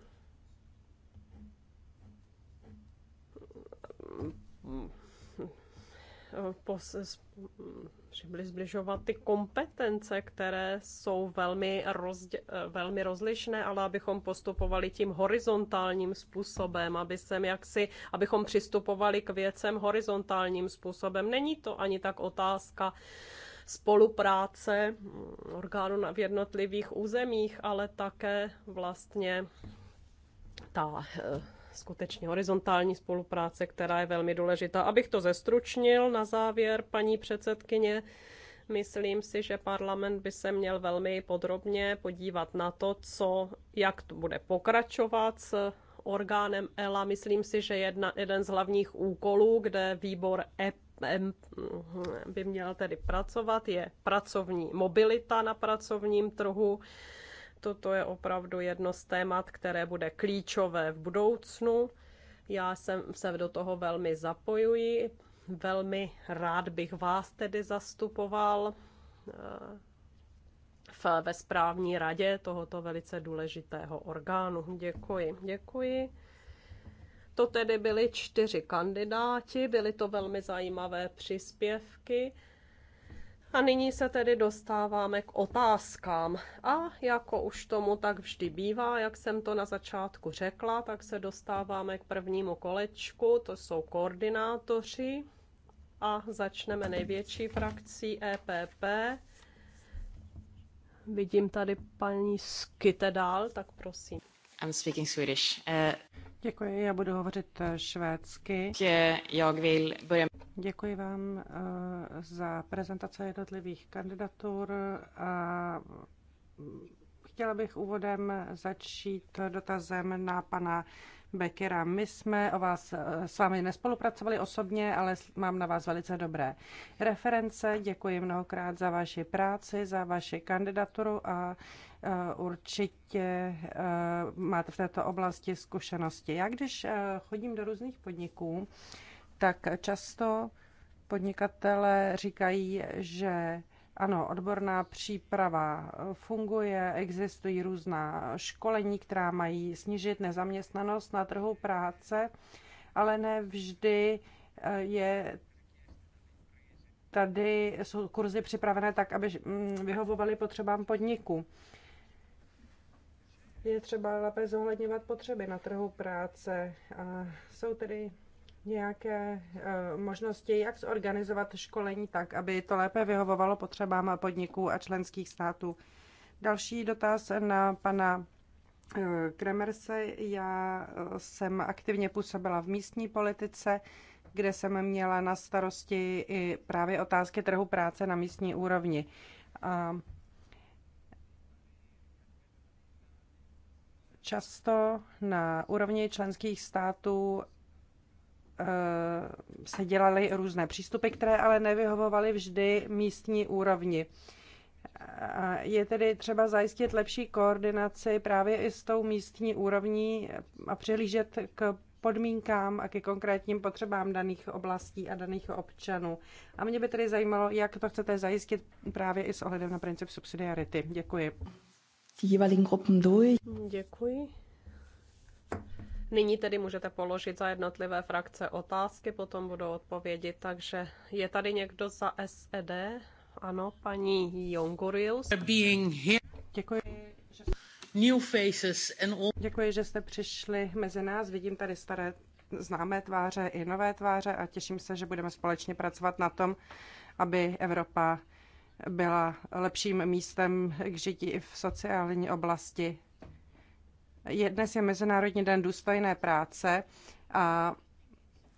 pos, zbližovat ty kompetence, které jsou velmi, rozdě, velmi rozlišné, ale abychom postupovali tím horizontálním způsobem, aby sem jaksi, abychom přistupovali k věcem horizontálním způsobem. Není to ani tak otázka spolupráce orgánů v jednotlivých územích, ale také vlastně ta eh, skutečně horizontální spolupráce, která je velmi důležitá. Abych to zestručnil na závěr, paní předsedkyně, myslím si, že parlament by se měl velmi podrobně podívat na to, co, jak to bude pokračovat s orgánem ELA. Myslím si, že jedna, jeden z hlavních úkolů, kde výbor EP by měl tedy pracovat, je pracovní mobilita na pracovním trhu. Toto je opravdu jedno z témat, které bude klíčové v budoucnu. Já jsem se do toho velmi zapojuji. Velmi rád bych vás tedy zastupoval eh, v, ve správní radě tohoto velice důležitého orgánu. Děkuji, děkuji. To tedy byli čtyři kandidáti, byly to velmi zajímavé příspěvky. A nyní se tedy dostáváme k otázkám. A jako už tomu tak vždy bývá, jak jsem to na začátku řekla, tak se dostáváme k prvnímu kolečku, to jsou koordinátoři. A začneme největší frakcí EPP. Vidím tady paní Skytedal, tak prosím. I'm speaking Swedish. Uh... Děkuji, já budu hovořit eh, švédsky. Eh, jag vill börja Děkuji vám eh, za prezentace jednotlivých kandidatur a chtěla bych úvodem začít dotazem na pana Bekera. My jsme o vás, eh, s vámi nespolupracovali osobně, ale mám na vás velice dobré reference. Děkuji mnohokrát za vaši práci, za vaši kandidaturu a eh, určitě máte v této oblasti zkušenosti. Já když chodím do různých podniků, tak často podnikatelé říkají, že ano, odborná příprava funguje, existují různá školení, která mají snížit nezaměstnanost na trhu práce, ale ne vždy eh, je tady jsou kurzy připravené tak, aby hm, vyhovovaly potřebám podniku. Je třeba lépe zohledňovat potřeby na trhu práce. A jsou tedy nějaké eh, možnosti, jak zorganizovat školení tak, aby to lépe vyhovovalo potřebám podniků a členských států. Další dotaz na pana eh, Kremerse. Já eh, jsem aktivně působila v místní politice, kde jsem měla na starosti i právě otázky trhu práce na místní úrovni. A často na úrovni členských států Eh, se dělaly různé přístupy, které ale nevyhovovaly vždy místní úrovni. Eh, je tedy třeba zajistit lepší koordinaci právě i s tou místní úrovní a přihlížet k podmínkám a ke konkrétním potřebám daných oblastí a daných občanů. A mě by tedy zajímalo, jak to chcete zajistit právě i s ohledem na princip subsidiarity. Děkuji. Děkuji. Nyní tedy můžete položit za jednotlivé frakce otázky, potom budou odpovědi. Takže je tady někdo za SED? Ano, paní Jongorius. Děkuji. New faces and all. Děkuji, že jste přišli mezi nás. Vidím tady staré známé tváře i nové tváře a těším se, že budeme společně pracovat na tom, aby Evropa byla lepším místem k žití i v sociální oblasti je, dnes je Mezinárodní den důstojné práce a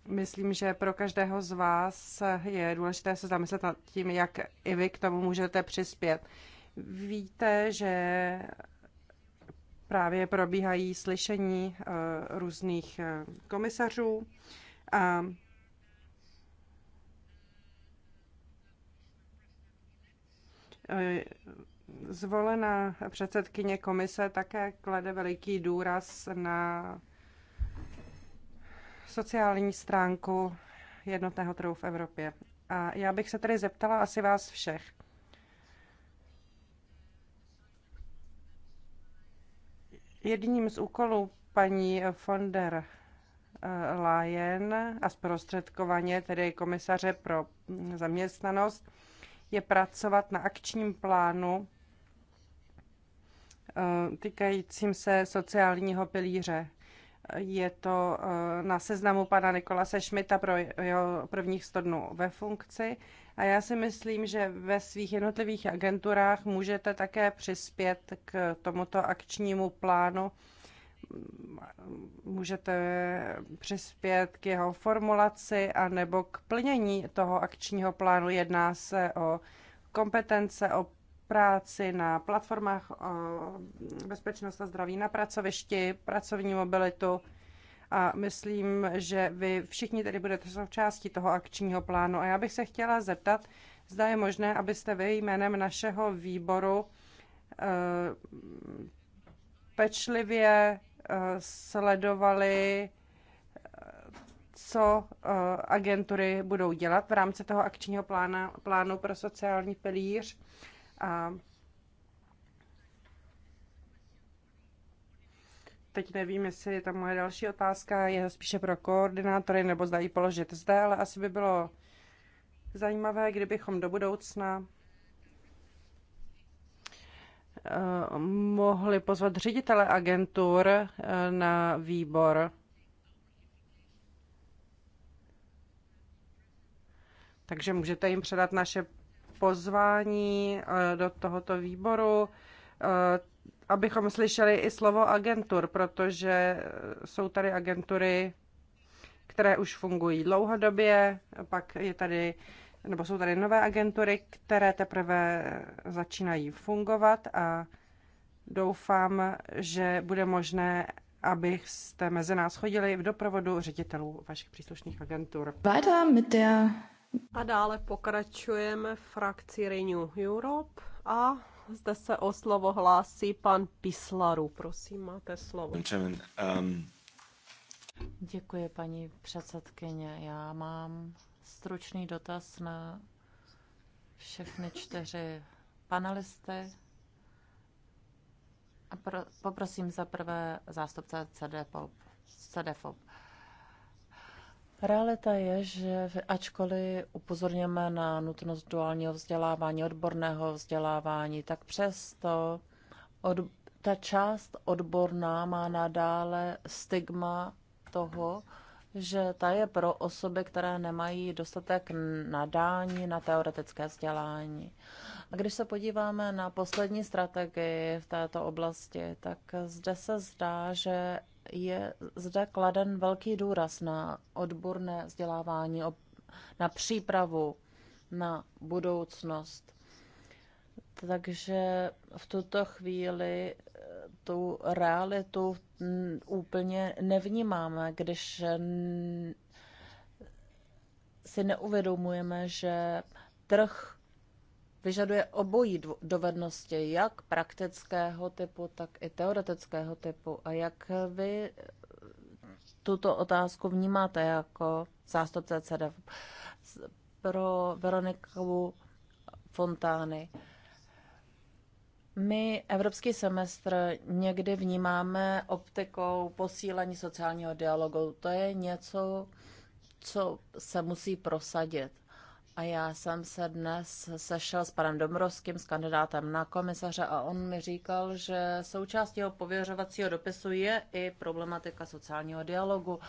myslím, že pro každého z vás je důležité se zamyslet nad tím, jak i vy k tomu můžete přispět. Víte, že právě probíhají slyšení eh, různých eh, komisařů a eh, Zvolená předsedkyně komise také klade veliký důraz na sociální stránku jednotného trhu v Evropě. A já bych se tedy zeptala asi vás všech. Jedním z úkolů paní von der Leyen a zprostředkovaně tedy komisaře pro zaměstnanost je pracovat na akčním plánu Eh, týkajícím se sociálního pilíře. Je to eh, na seznamu pana Nikolase Šmita pro jeho prvních 100 dnů ve funkci a já si myslím, že ve svých jednotlivých agenturách můžete také přispět k tomuto akčnímu plánu. Můžete přispět k jeho formulaci a nebo k plnění toho akčního plánu. Jedná se o kompetence, o práci na platformách bezpečnost a zdraví na pracovišti, pracovní mobilitu. A myslím, že vy všichni tedy budete součástí toho akčního plánu. A já bych se chtěla zeptat, zda je možné, abyste vy jménem našeho výboru e, pečlivě e, sledovali, e, co agentury budou dělat v rámci toho akčního plána, plánu pro sociální pilíř a teď nevím, jestli tam moje další otázka je spíše pro koordinátory, nebo zda položit zde, ale asi by bylo zajímavé, kdybychom do budoucna eh, mohli pozvat ředitele agentur eh, na výbor. Takže můžete jim předat naše pozvání eh, do tohoto výboru, eh, abychom slyšeli i slovo agentur, protože eh, jsou tady agentury, které už fungují dlouhodobě, pak je tady nebo jsou tady nové agentury, které teprve začínají fungovat a doufám, že bude možné, abyste mezi nás chodili v doprovodu ředitelů vašich příslušných agentur. Weiter mit der a dále pokračujeme frakci Renew Europe a zde se o slovo hlásí pan Pislaru. Prosím, máte slovo. Um, Děkuji, paní předsedkyně. Já mám stručný dotaz na všechny čtyři panelisty. A pro, poprosím za prvé zástupce CDFOP. CDFOP. Realita je, že ačkoliv upozorněme na nutnost duálního vzdělávání, odborného vzdělávání, tak přesto od, ta část odborná má nadále stigma toho, že ta je pro osoby, které nemají dostatek nadání na teoretické vzdělání. A když se podíváme na poslední strategii v této oblasti, tak zde se zdá, že je zde kladen velký důraz na odborné vzdělávání, na přípravu, na budoucnost. Takže v tuto chvíli eh, tu realitu mm, úplně nevnímáme, když si neuvědomujeme, že trh vyžaduje obojí dovednosti, jak praktického typu, tak i teoretického typu. A jak vy eh, tuto otázku vnímáte jako zástupce CDF pro Veroniku Fontány? My evropský semestr někdy vnímáme optikou posílení sociálního dialogu. To je něco, co se musí prosadit. A já jsem se dnes sešel s panem Domrovským, s kandidátem na komisaře, a on mi říkal, že součástí jeho pověřovacího dopisu je i problematika sociálního dialogu,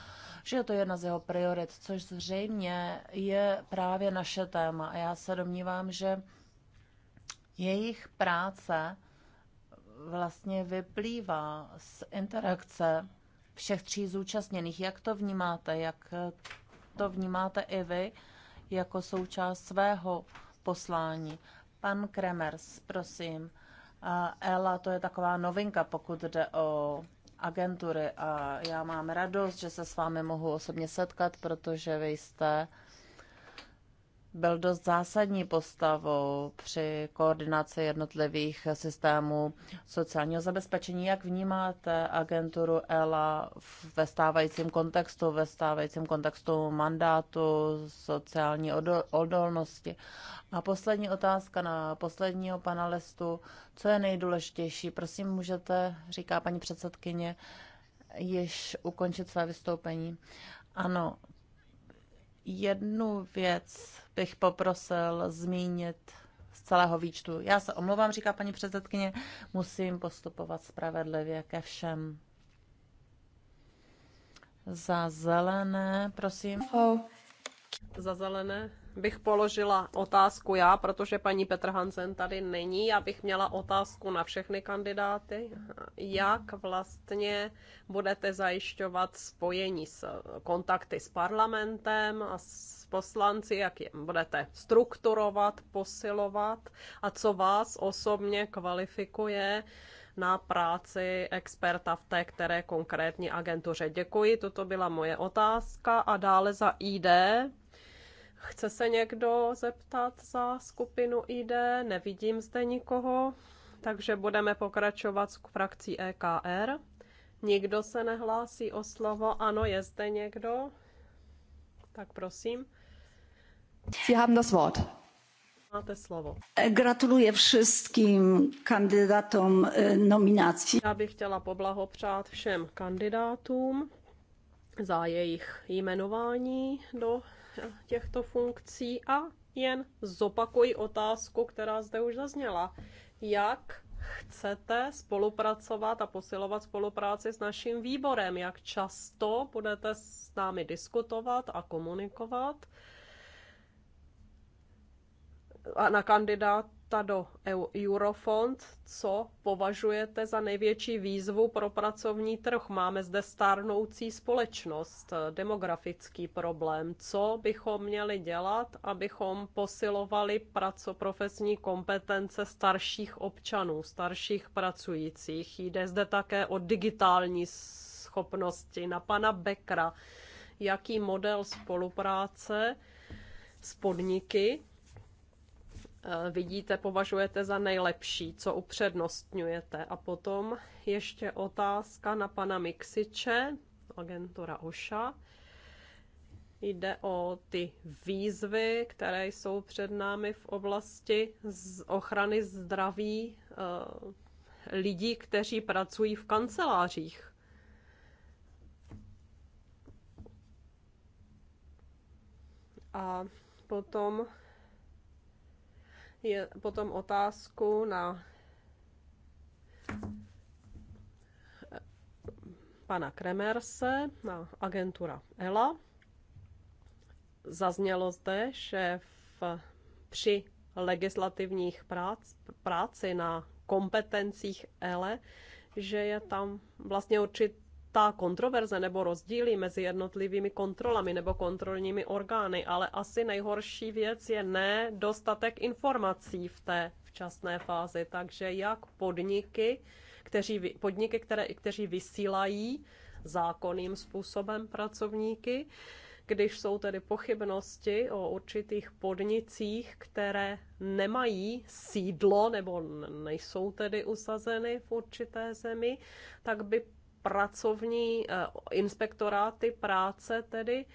že je to jedna z jeho priorit, což zřejmě je právě naše téma. A já se domnívám, že jejich práce vlastně vyplývá z interakce všech tří zúčastněných. Jak to vnímáte? Jak to vnímáte i vy? jako součást svého poslání. Pan Kremers, prosím. Ela, to je taková novinka, pokud jde o agentury a já mám radost, že se s vámi mohu osobně setkat, protože vy jste uh, byl dost zásadní postavou při koordinaci jednotlivých systémů sociálního zabezpečení. Jak vnímáte agenturu ELA ve stávajícím kontextu, ve stávajícím kontextu mandátu, sociální odolnosti? A poslední otázka na posledního panelistu. Co je nejdůležitější? Prosím, můžete, říká paní předsedkyně, již ukončit své vystoupení. Ano, jednu věc bych poprosil zmínit z celého výčtu. Já se omlouvám, říká paní předsedkyně, musím postupovat spravedlivě ke všem. Za zelené, prosím. Oh. Za zelené bych položila otázku já, protože paní Petr Hansen tady není, já bych měla otázku na všechny kandidáty. Jak vlastně budete zajišťovat spojení s kontakty s parlamentem a s poslanci, jak je budete strukturovat, posilovat a co vás osobně kvalifikuje na práci experta v té které konkrétní agentuře. Děkuji, toto byla moje otázka a dále za ID Chce se někdo zeptat za skupinu ID? Nevidím zde nikoho, takže budeme pokračovat s frakcí EKR. Nikdo se nehlásí o slovo. Ano, je zde někdo? Tak prosím. Sie haben das Wort. Máte slovo. Gratuluję wszystkim kandydatom eh, nominací. Já bych chtěla poblahopřát všem kandidátům za jejich jmenování do těchto funkcí a jen zopakuji otázku, která zde už zazněla. Jak chcete spolupracovat a posilovat spolupráci s naším výborem? Jak často budete s námi diskutovat a komunikovat? A na kandidát pta do Eurofond, co považujete za největší výzvu pro pracovní trh. Máme zde stárnoucí společnost, demografický problém. Co bychom měli dělat, abychom posilovali pracoprofesní kompetence starších občanů, starších pracujících? Jde zde také o digitální schopnosti. Na pana Bekra, jaký model spolupráce s podniky Eh, vidíte, považujete za nejlepší, co upřednostňujete. A potom ještě otázka na pana Mixiče, agentura OŠA. Jde o ty výzvy, které jsou před námi v oblasti z ochrany zdraví eh, lidí, kteří pracují v kancelářích. A potom je potom otázku na eh, pana Kremerse, na agentura ELA. Zaznělo zde, že v, při legislativních prác, práci na kompetencích ELE, že je tam vlastně určitý ta kontroverze nebo rozdíly mezi jednotlivými kontrolami nebo kontrolními orgány, ale asi nejhorší věc je nedostatek informací v té včasné fázi. Takže jak podniky, kteří, podniky které, kteří vysílají zákonným způsobem pracovníky, když jsou tedy pochybnosti o určitých podnicích, které nemají sídlo nebo nejsou tedy usazeny v určité zemi, tak by pracovní eh, inspektoráty práce tedy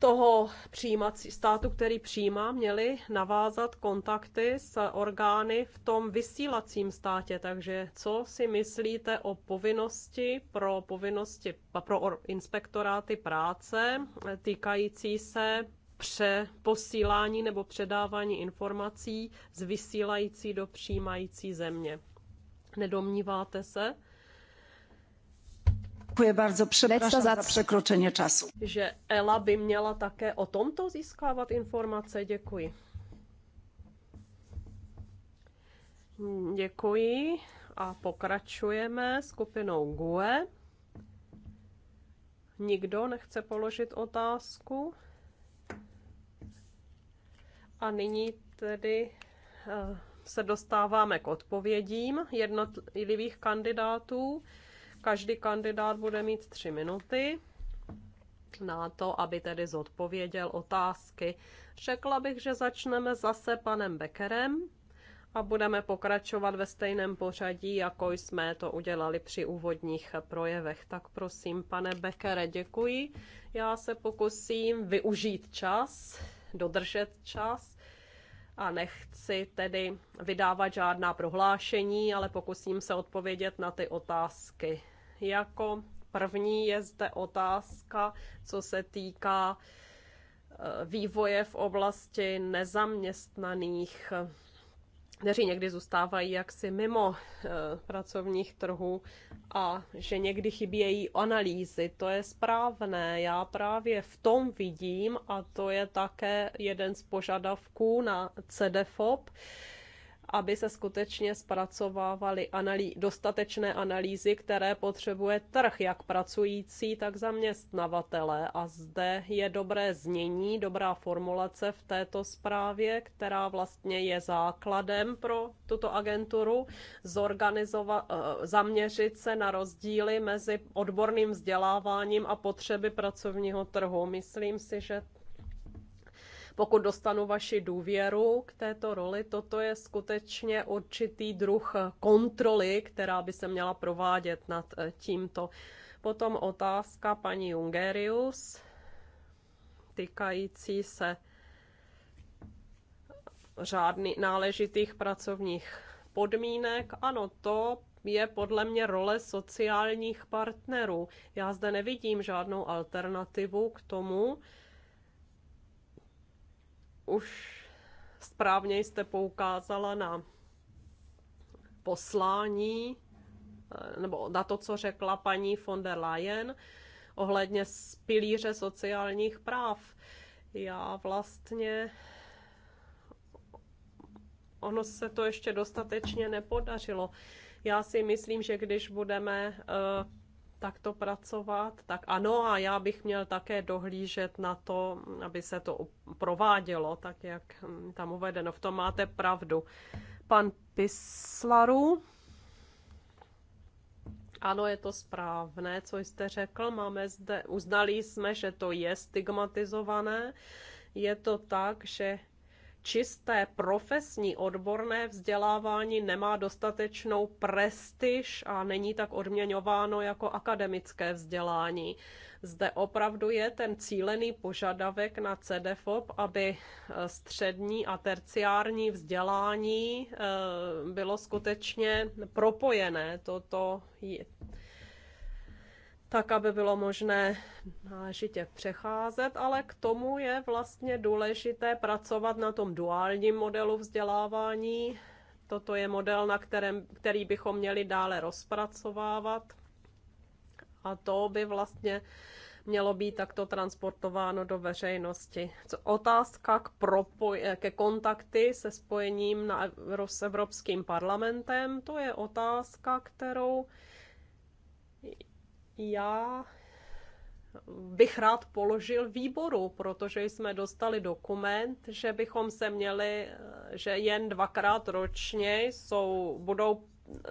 toho přijímací, státu, který přijímá, měli navázat kontakty s orgány v tom vysílacím státě. Takže co si myslíte o povinnosti pro, povinnosti, pro inspektoráty práce eh, týkající se přeposílání nebo předávání informací z vysílající do přijímající země? Nedomníváte se, Děkuji bardzo, přepraszam za překročení času. Že Ela by měla také o tomto získávat informace, děkuji. Hmm, děkuji a pokračujeme skupinou GUE. Nikdo nechce položit otázku. A nyní tedy eh, se dostáváme k odpovědím jednotlivých kandidátů. Každý kandidát bude mít tři minuty na to, aby tedy zodpověděl otázky. Řekla bych, že začneme zase panem Beckerem a budeme pokračovat ve stejném pořadí, jako jsme to udělali při úvodních projevech. Tak prosím, pane Beckere, děkuji. Já se pokusím využít čas, dodržet čas a nechci tedy vydávat žádná prohlášení, ale pokusím se odpovědět na ty otázky. Jako první je zde otázka, co se týká eh, vývoje v oblasti nezaměstnaných kteří někdy zůstávají jaksi mimo eh, pracovních trhů a že někdy chybějí analýzy. To je správné. Já právě v tom vidím, a to je také jeden z požadavků na CDFOP, aby se skutečně zpracovávaly analý, dostatečné analýzy, které potřebuje trh, jak pracující, tak zaměstnavatele. A zde je dobré znění, dobrá formulace v této zprávě, která vlastně je základem pro tuto agenturu, zorganizova- eh, zaměřit se na rozdíly mezi odborným vzděláváním a potřeby pracovního trhu. Myslím si, že pokud dostanu vaši důvěru k této roli, toto je skutečně určitý druh kontroly, která by se měla provádět nad eh, tímto. Potom otázka paní Jungerius týkající se řádný, náležitých pracovních podmínek. Ano, to je podle mě role sociálních partnerů. Já zde nevidím žádnou alternativu k tomu, už správně jste poukázala na poslání, eh, nebo na to, co řekla paní von der Leyen ohledně pilíře sociálních práv. Já vlastně ono se to ještě dostatečně nepodařilo. Já si myslím, že když budeme eh, takto pracovat, tak ano, a já bych měl také dohlížet na to, aby se to provádělo, tak jak mm, tam uvedeno. V tom máte pravdu. Pan Pislaru. Ano, je to správné, co jste řekl. Máme zde, uznali jsme, že to je stigmatizované. Je to tak, že čisté profesní odborné vzdělávání nemá dostatečnou prestiž a není tak odměňováno jako akademické vzdělání. Zde opravdu je ten cílený požadavek na CDFOP, aby eh, střední a terciární vzdělání eh, bylo skutečně propojené. Toto je tak aby bylo možné náležitě přecházet, ale k tomu je vlastně důležité pracovat na tom duálním modelu vzdělávání. Toto je model, na kterém, který bychom měli dále rozpracovávat. A to by vlastně mělo být takto transportováno do veřejnosti. Co otázka k propoj- ke kontakty se spojením na, s Evropským parlamentem, to je otázka, kterou já bych rád položil výboru, protože jsme dostali dokument, že bychom se měli, že jen dvakrát ročně jsou, budou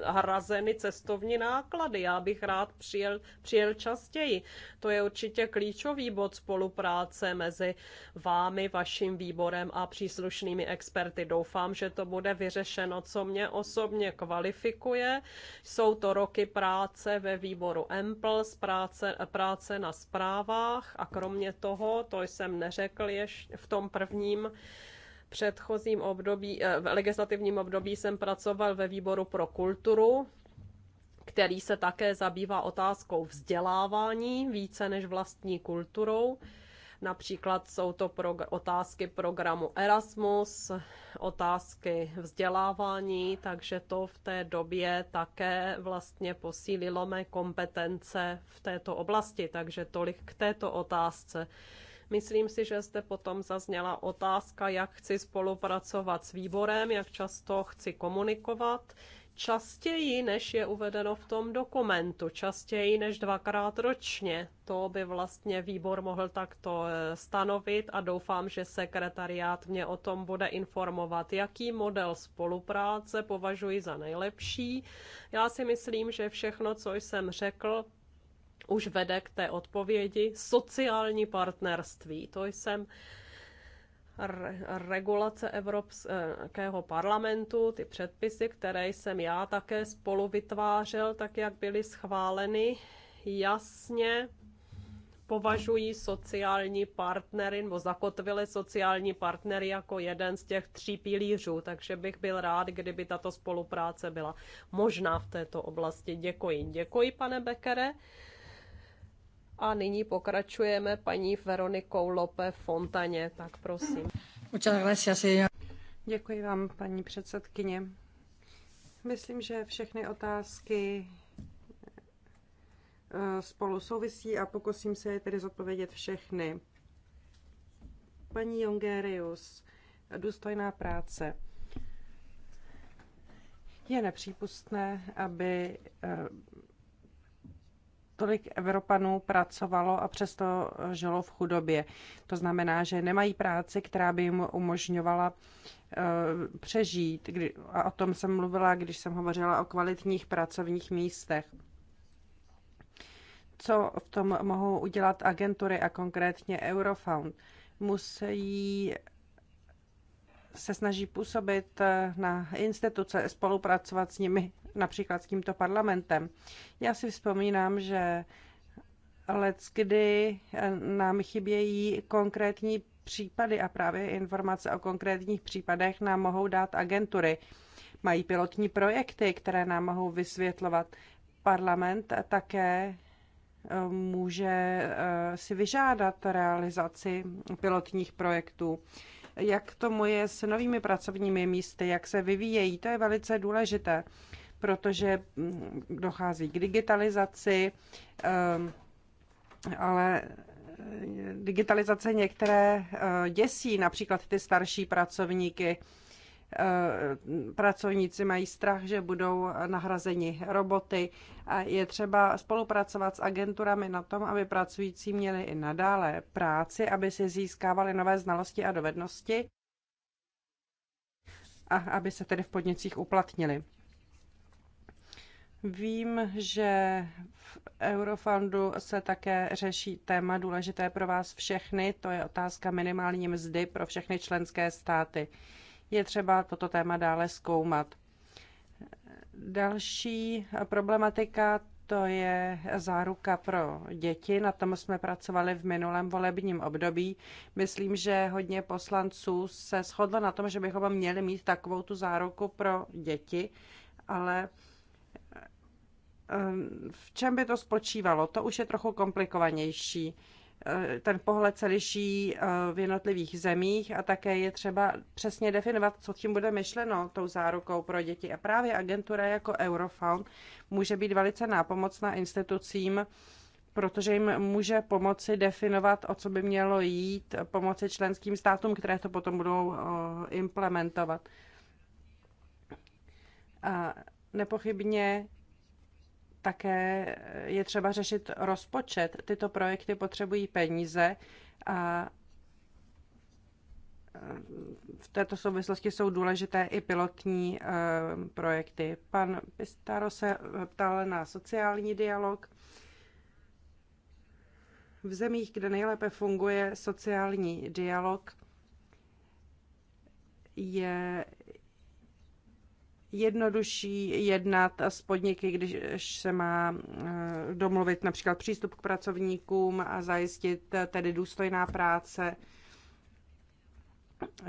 hrazeny cestovní náklady. Já bych rád přijel, přijel častěji. To je určitě klíčový bod spolupráce mezi vámi, vaším výborem a příslušnými experty. Doufám, že to bude vyřešeno, co mě osobně kvalifikuje. Jsou to roky práce ve výboru EMPL, práce, práce na zprávách a kromě toho, to jsem neřekl ještě v tom prvním, předchozím období, eh, v legislativním období jsem pracoval ve výboru pro kulturu, který se také zabývá otázkou vzdělávání více než vlastní kulturou. Například jsou to prog- otázky programu Erasmus, otázky vzdělávání, takže to v té době také vlastně posílilo mé kompetence v této oblasti. Takže tolik k této otázce. Myslím si, že zde potom zazněla otázka, jak chci spolupracovat s výborem, jak často chci komunikovat. Častěji, než je uvedeno v tom dokumentu, častěji než dvakrát ročně. To by vlastně výbor mohl takto eh, stanovit a doufám, že sekretariát mě o tom bude informovat, jaký model spolupráce považuji za nejlepší. Já si myslím, že všechno, co jsem řekl, už vede k té odpovědi. Sociální partnerství, to jsem regulace Evropského parlamentu, ty předpisy, které jsem já také spolu vytvářel, tak jak byly schváleny, jasně považují sociální partnery nebo zakotvili sociální partnery jako jeden z těch tří pilířů, takže bych byl rád, kdyby tato spolupráce byla možná v této oblasti. Děkuji. Děkuji, pane Bekere. A nyní pokračujeme paní Veronikou Lope Fontaně. Tak prosím. Děkuji vám, paní předsedkyně. Myslím, že všechny otázky eh, spolu souvisí a pokusím se je tedy zodpovědět všechny. Paní Jongerius, důstojná práce. Je nepřípustné, aby eh, tolik Evropanů pracovalo a přesto žilo v chudobě. To znamená, že nemají práci, která by jim umožňovala e, přežít. A o tom jsem mluvila, když jsem hovořila o kvalitních pracovních místech. Co v tom mohou udělat agentury a konkrétně Eurofound? Musí se snaží působit eh, na instituce, spolupracovat s nimi, například s tímto parlamentem. Já si vzpomínám, že let, kdy eh, nám chybějí konkrétní případy a právě informace o konkrétních případech nám mohou dát agentury. Mají pilotní projekty, které nám mohou vysvětlovat. Parlament také eh, může si vyžádat realizaci pilotních projektů jak to moje s novými pracovními místy, jak se vyvíjejí. To je velice důležité, protože mm, dochází k digitalizaci, ehm, ale eh, digitalizace některé eh, děsí, například ty starší pracovníky, Eh, pracovníci mají strach, že budou nahrazeni roboty a je třeba spolupracovat s agenturami na tom, aby pracující měli i nadále práci, aby si získávali nové znalosti a dovednosti a aby se tedy v podnicích uplatnili. Vím, že v Eurofondu se také řeší téma důležité pro vás všechny, to je otázka minimální mzdy pro všechny členské státy je třeba toto téma dále zkoumat. Další problematika to je záruka pro děti. Na tom jsme pracovali v minulém volebním období. Myslím, že hodně poslanců se shodlo na tom, že bychom měli mít takovou tu záruku pro děti, ale ehm, v čem by to spočívalo? To už je trochu komplikovanější. Eh, ten pohled se liší eh, v jednotlivých zemích a také je třeba přesně definovat, co tím bude myšleno tou zárukou pro děti. A právě agentura jako Eurofound může být velice nápomocná institucím, protože jim může pomoci definovat, o co by mělo jít, pomoci členským státům, které to potom budou eh, implementovat. A nepochybně také je třeba řešit rozpočet. Tyto projekty potřebují peníze a e, v této souvislosti jsou důležité i pilotní e, projekty. Pan Pistaro se ptal na sociální dialog. V zemích, kde nejlépe funguje sociální dialog, je jednodušší jednat s podniky, když se má eh, domluvit například přístup k pracovníkům a zajistit eh, tedy důstojná práce,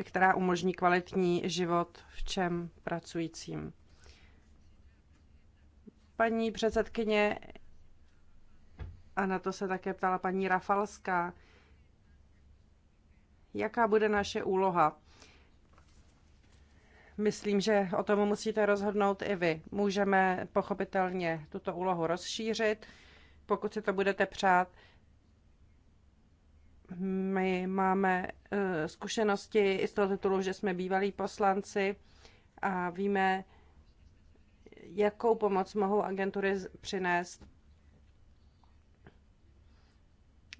která umožní kvalitní život všem pracujícím. Paní předsedkyně, a na to se také ptala paní Rafalská, jaká bude naše úloha? Myslím, že o tom musíte rozhodnout i vy. Můžeme pochopitelně tuto úlohu rozšířit, pokud si to budete přát. My máme eh, zkušenosti i z toho titulu, že jsme bývalí poslanci a víme, jakou pomoc mohou agentury přinést.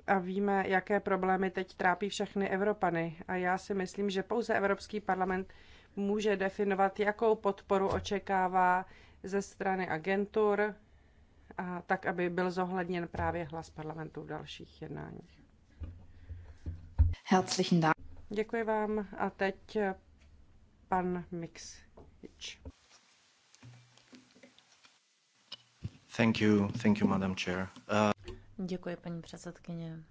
A víme, jaké problémy teď trápí všechny Evropany. A já si myslím, že pouze Evropský parlament může definovat, jakou podporu očekává ze strany agentur, a tak, aby byl zohledněn právě hlas parlamentu v dalších jednáních. Herzlichen Dank. Děkuji vám a teď pan Mixič. Thank you, thank you, Madam Chair. Uh... Děkuji, paní předsedkyně.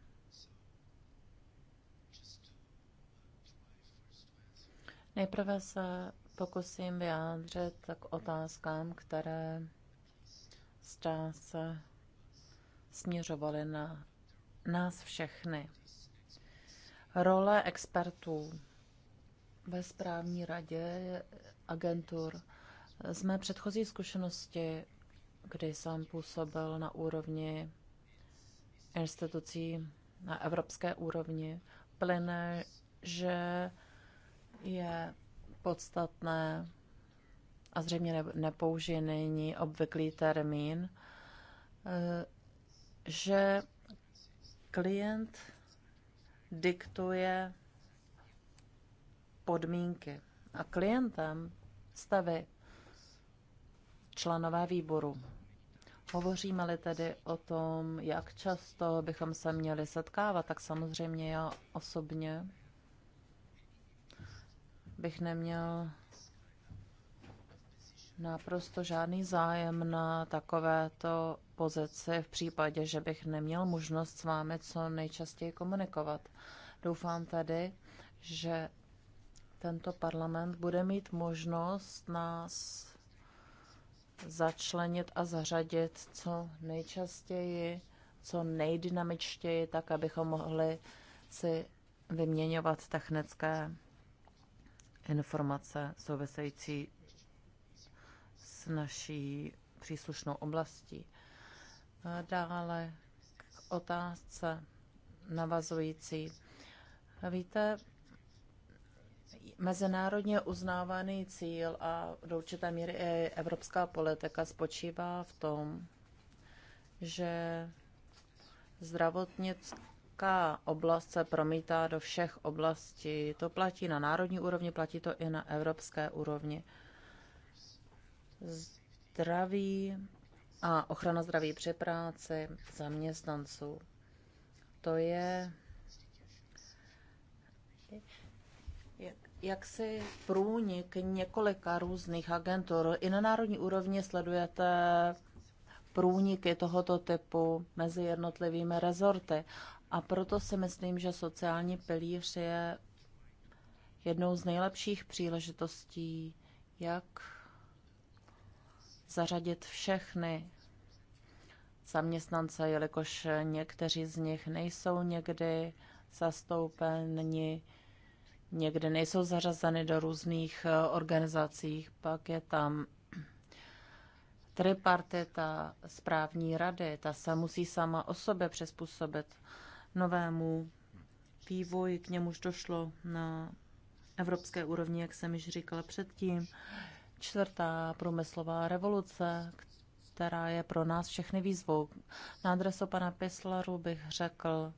Nejprve se pokusím vyjádřit k otázkám, které zdá se směřovaly na nás všechny. Role expertů ve správní radě agentur. Z mé předchozí zkušenosti, kdy jsem působil na úrovni institucí na evropské úrovni, plyne, že je podstatné a zřejmě nepoužije není obvyklý termín, eh, že klient diktuje podmínky a klientem jste vy, členové výboru. Hovoříme-li tedy o tom, jak často bychom se měli setkávat, tak samozřejmě já osobně bych neměl naprosto žádný zájem na takovéto pozici v případě, že bych neměl možnost s vámi co nejčastěji komunikovat. Doufám tedy, že tento parlament bude mít možnost nás začlenit a zařadit co nejčastěji, co nejdynamičtěji, tak abychom mohli si vyměňovat technické informace související s naší příslušnou oblastí. dále k otázce navazující. Víte, mezinárodně uznávaný cíl a do určité míry i evropská politika spočívá v tom, že zdravotnictví Nějaká oblast se promítá do všech oblastí. To platí na národní úrovni, platí to i na evropské úrovni. Zdraví a ochrana zdraví při práci zaměstnanců. To je jaksi průnik několika různých agentur. I na národní úrovni sledujete průniky tohoto typu mezi jednotlivými rezorty. A proto si myslím, že sociální pilíř je jednou z nejlepších příležitostí, jak zařadit všechny zaměstnance, jelikož někteří z nich nejsou někdy zastoupeni, někdy nejsou zařazeny do různých eh, organizací, pak je tam tripartita správní rady, ta se musí sama o sobě přizpůsobit novému vývoji, k němuž došlo na evropské úrovni, jak jsem již říkala předtím. Čtvrtá průmyslová revoluce, která je pro nás všechny výzvou. Na adresu pana Pislaru bych řekl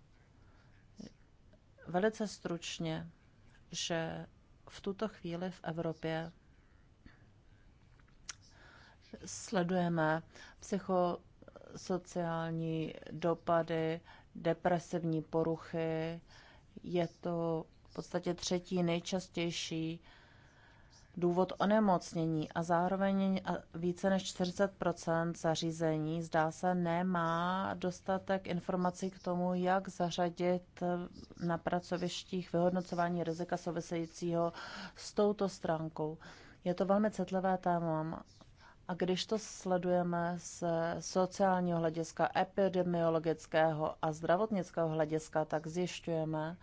velice stručně, že v tuto chvíli v Evropě sledujeme psychosociální dopady depresivní poruchy. Je to v podstatě třetí nejčastější důvod onemocnění a zároveň více než 40 zařízení, zdá se, nemá dostatek informací k tomu, jak zařadit na pracovištích vyhodnocování rizika souvisejícího s touto stránkou. Je to velmi citlivé téma a když to sledujeme z sociálního hlediska, epidemiologického a zdravotnického hlediska, tak zjišťujeme,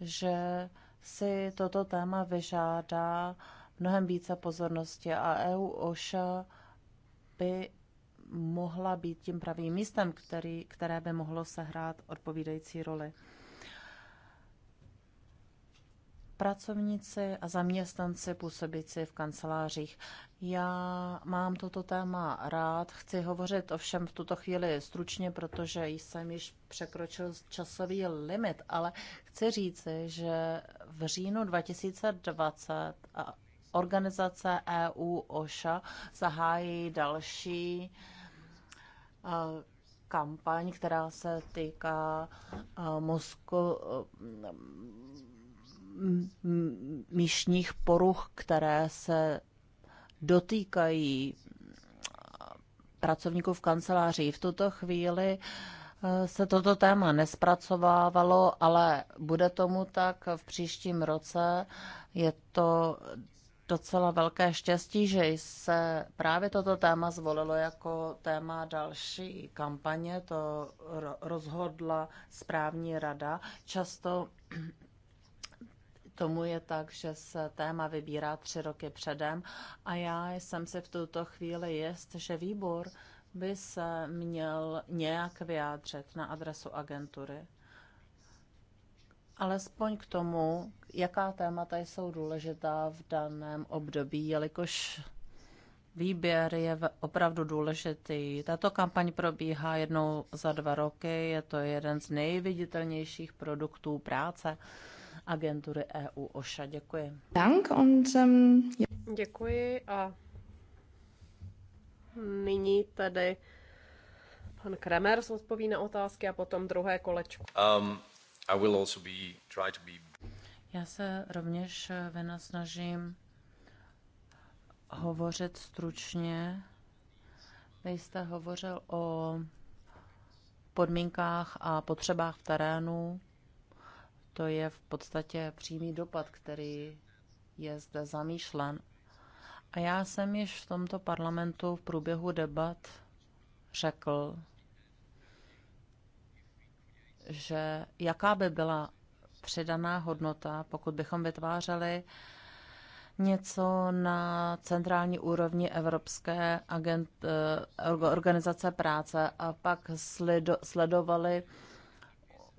že si toto téma vyžádá mnohem více pozornosti a EU OŠA by mohla být tím pravým místem, který, které by mohlo sehrát odpovídající roli pracovníci a zaměstnanci působící v kancelářích. Já mám toto téma rád, chci hovořit ovšem v tuto chvíli stručně, protože jsem již překročil časový limit, ale chci říci, že v říjnu 2020 organizace EU OSHA zahájí další kampaň, která se týká mozku, míšních poruch, které se dotýkají pracovníků v kanceláři. V tuto chvíli eh, se toto téma nespracovávalo, ale bude tomu tak v příštím roce. Je to docela velké štěstí, že se právě toto téma zvolilo jako téma další kampaně. To rozhodla správní rada. Často tomu je tak, že se téma vybírá tři roky předem a já jsem si v tuto chvíli jist, že výbor by se měl nějak vyjádřit na adresu agentury. Alespoň k tomu, jaká témata jsou důležitá v daném období, jelikož výběr je opravdu důležitý. Tato kampaň probíhá jednou za dva roky, je to jeden z nejviditelnějších produktů práce agentury EU OŠA. Děkuji. Dank und, ähm, Děkuji a nyní tedy pan Kremer odpoví na otázky a potom druhé kolečko. Um, I will also be, try to be... Já se rovněž eh, vynasnažím hovořit stručně. Vy jste hovořil o podmínkách a potřebách v terénu. To je v podstatě přímý dopad, který je zde zamýšlen. A já jsem již v tomto parlamentu v průběhu debat řekl, že jaká by byla přidaná hodnota, pokud bychom vytvářeli něco na centrální úrovni Evropské agent, eh, organizace práce a pak sledovali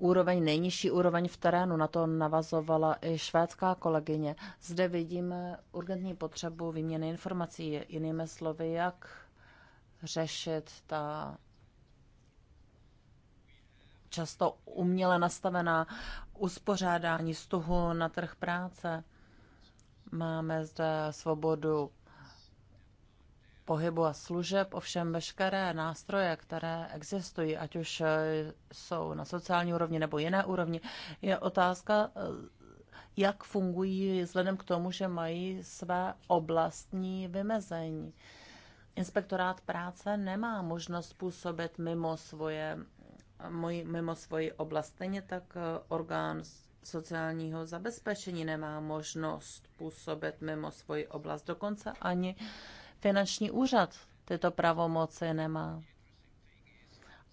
úroveň, nejnižší úroveň v terénu. Na to navazovala i švédská kolegyně. Zde vidíme urgentní potřebu výměny informací, jinými slovy, jak řešit ta často uměle nastavená uspořádání stuhu na trh práce. Máme zde svobodu pohybu a služeb, ovšem veškeré nástroje, které existují, ať už eh, jsou na sociální úrovni nebo jiné úrovni, je otázka, eh, jak fungují vzhledem k tomu, že mají své oblastní vymezení. Inspektorát práce nemá možnost působit mimo svoje mimo svoji oblast. Stejně tak eh, orgán sociálního zabezpečení nemá možnost působit mimo svoji oblast. Dokonce ani uh, finanční úřad tyto pravomoci nemá.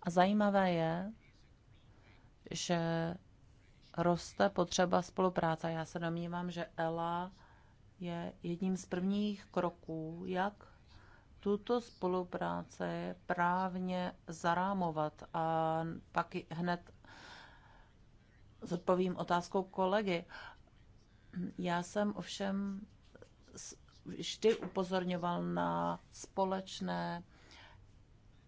A zajímavé je, že roste potřeba spolupráce. Já se domnívám, že ELA je jedním z prvních kroků, jak tuto spolupráci právně zarámovat. A pak hned zodpovím otázkou kolegy. Já jsem ovšem vždy upozorňoval na společné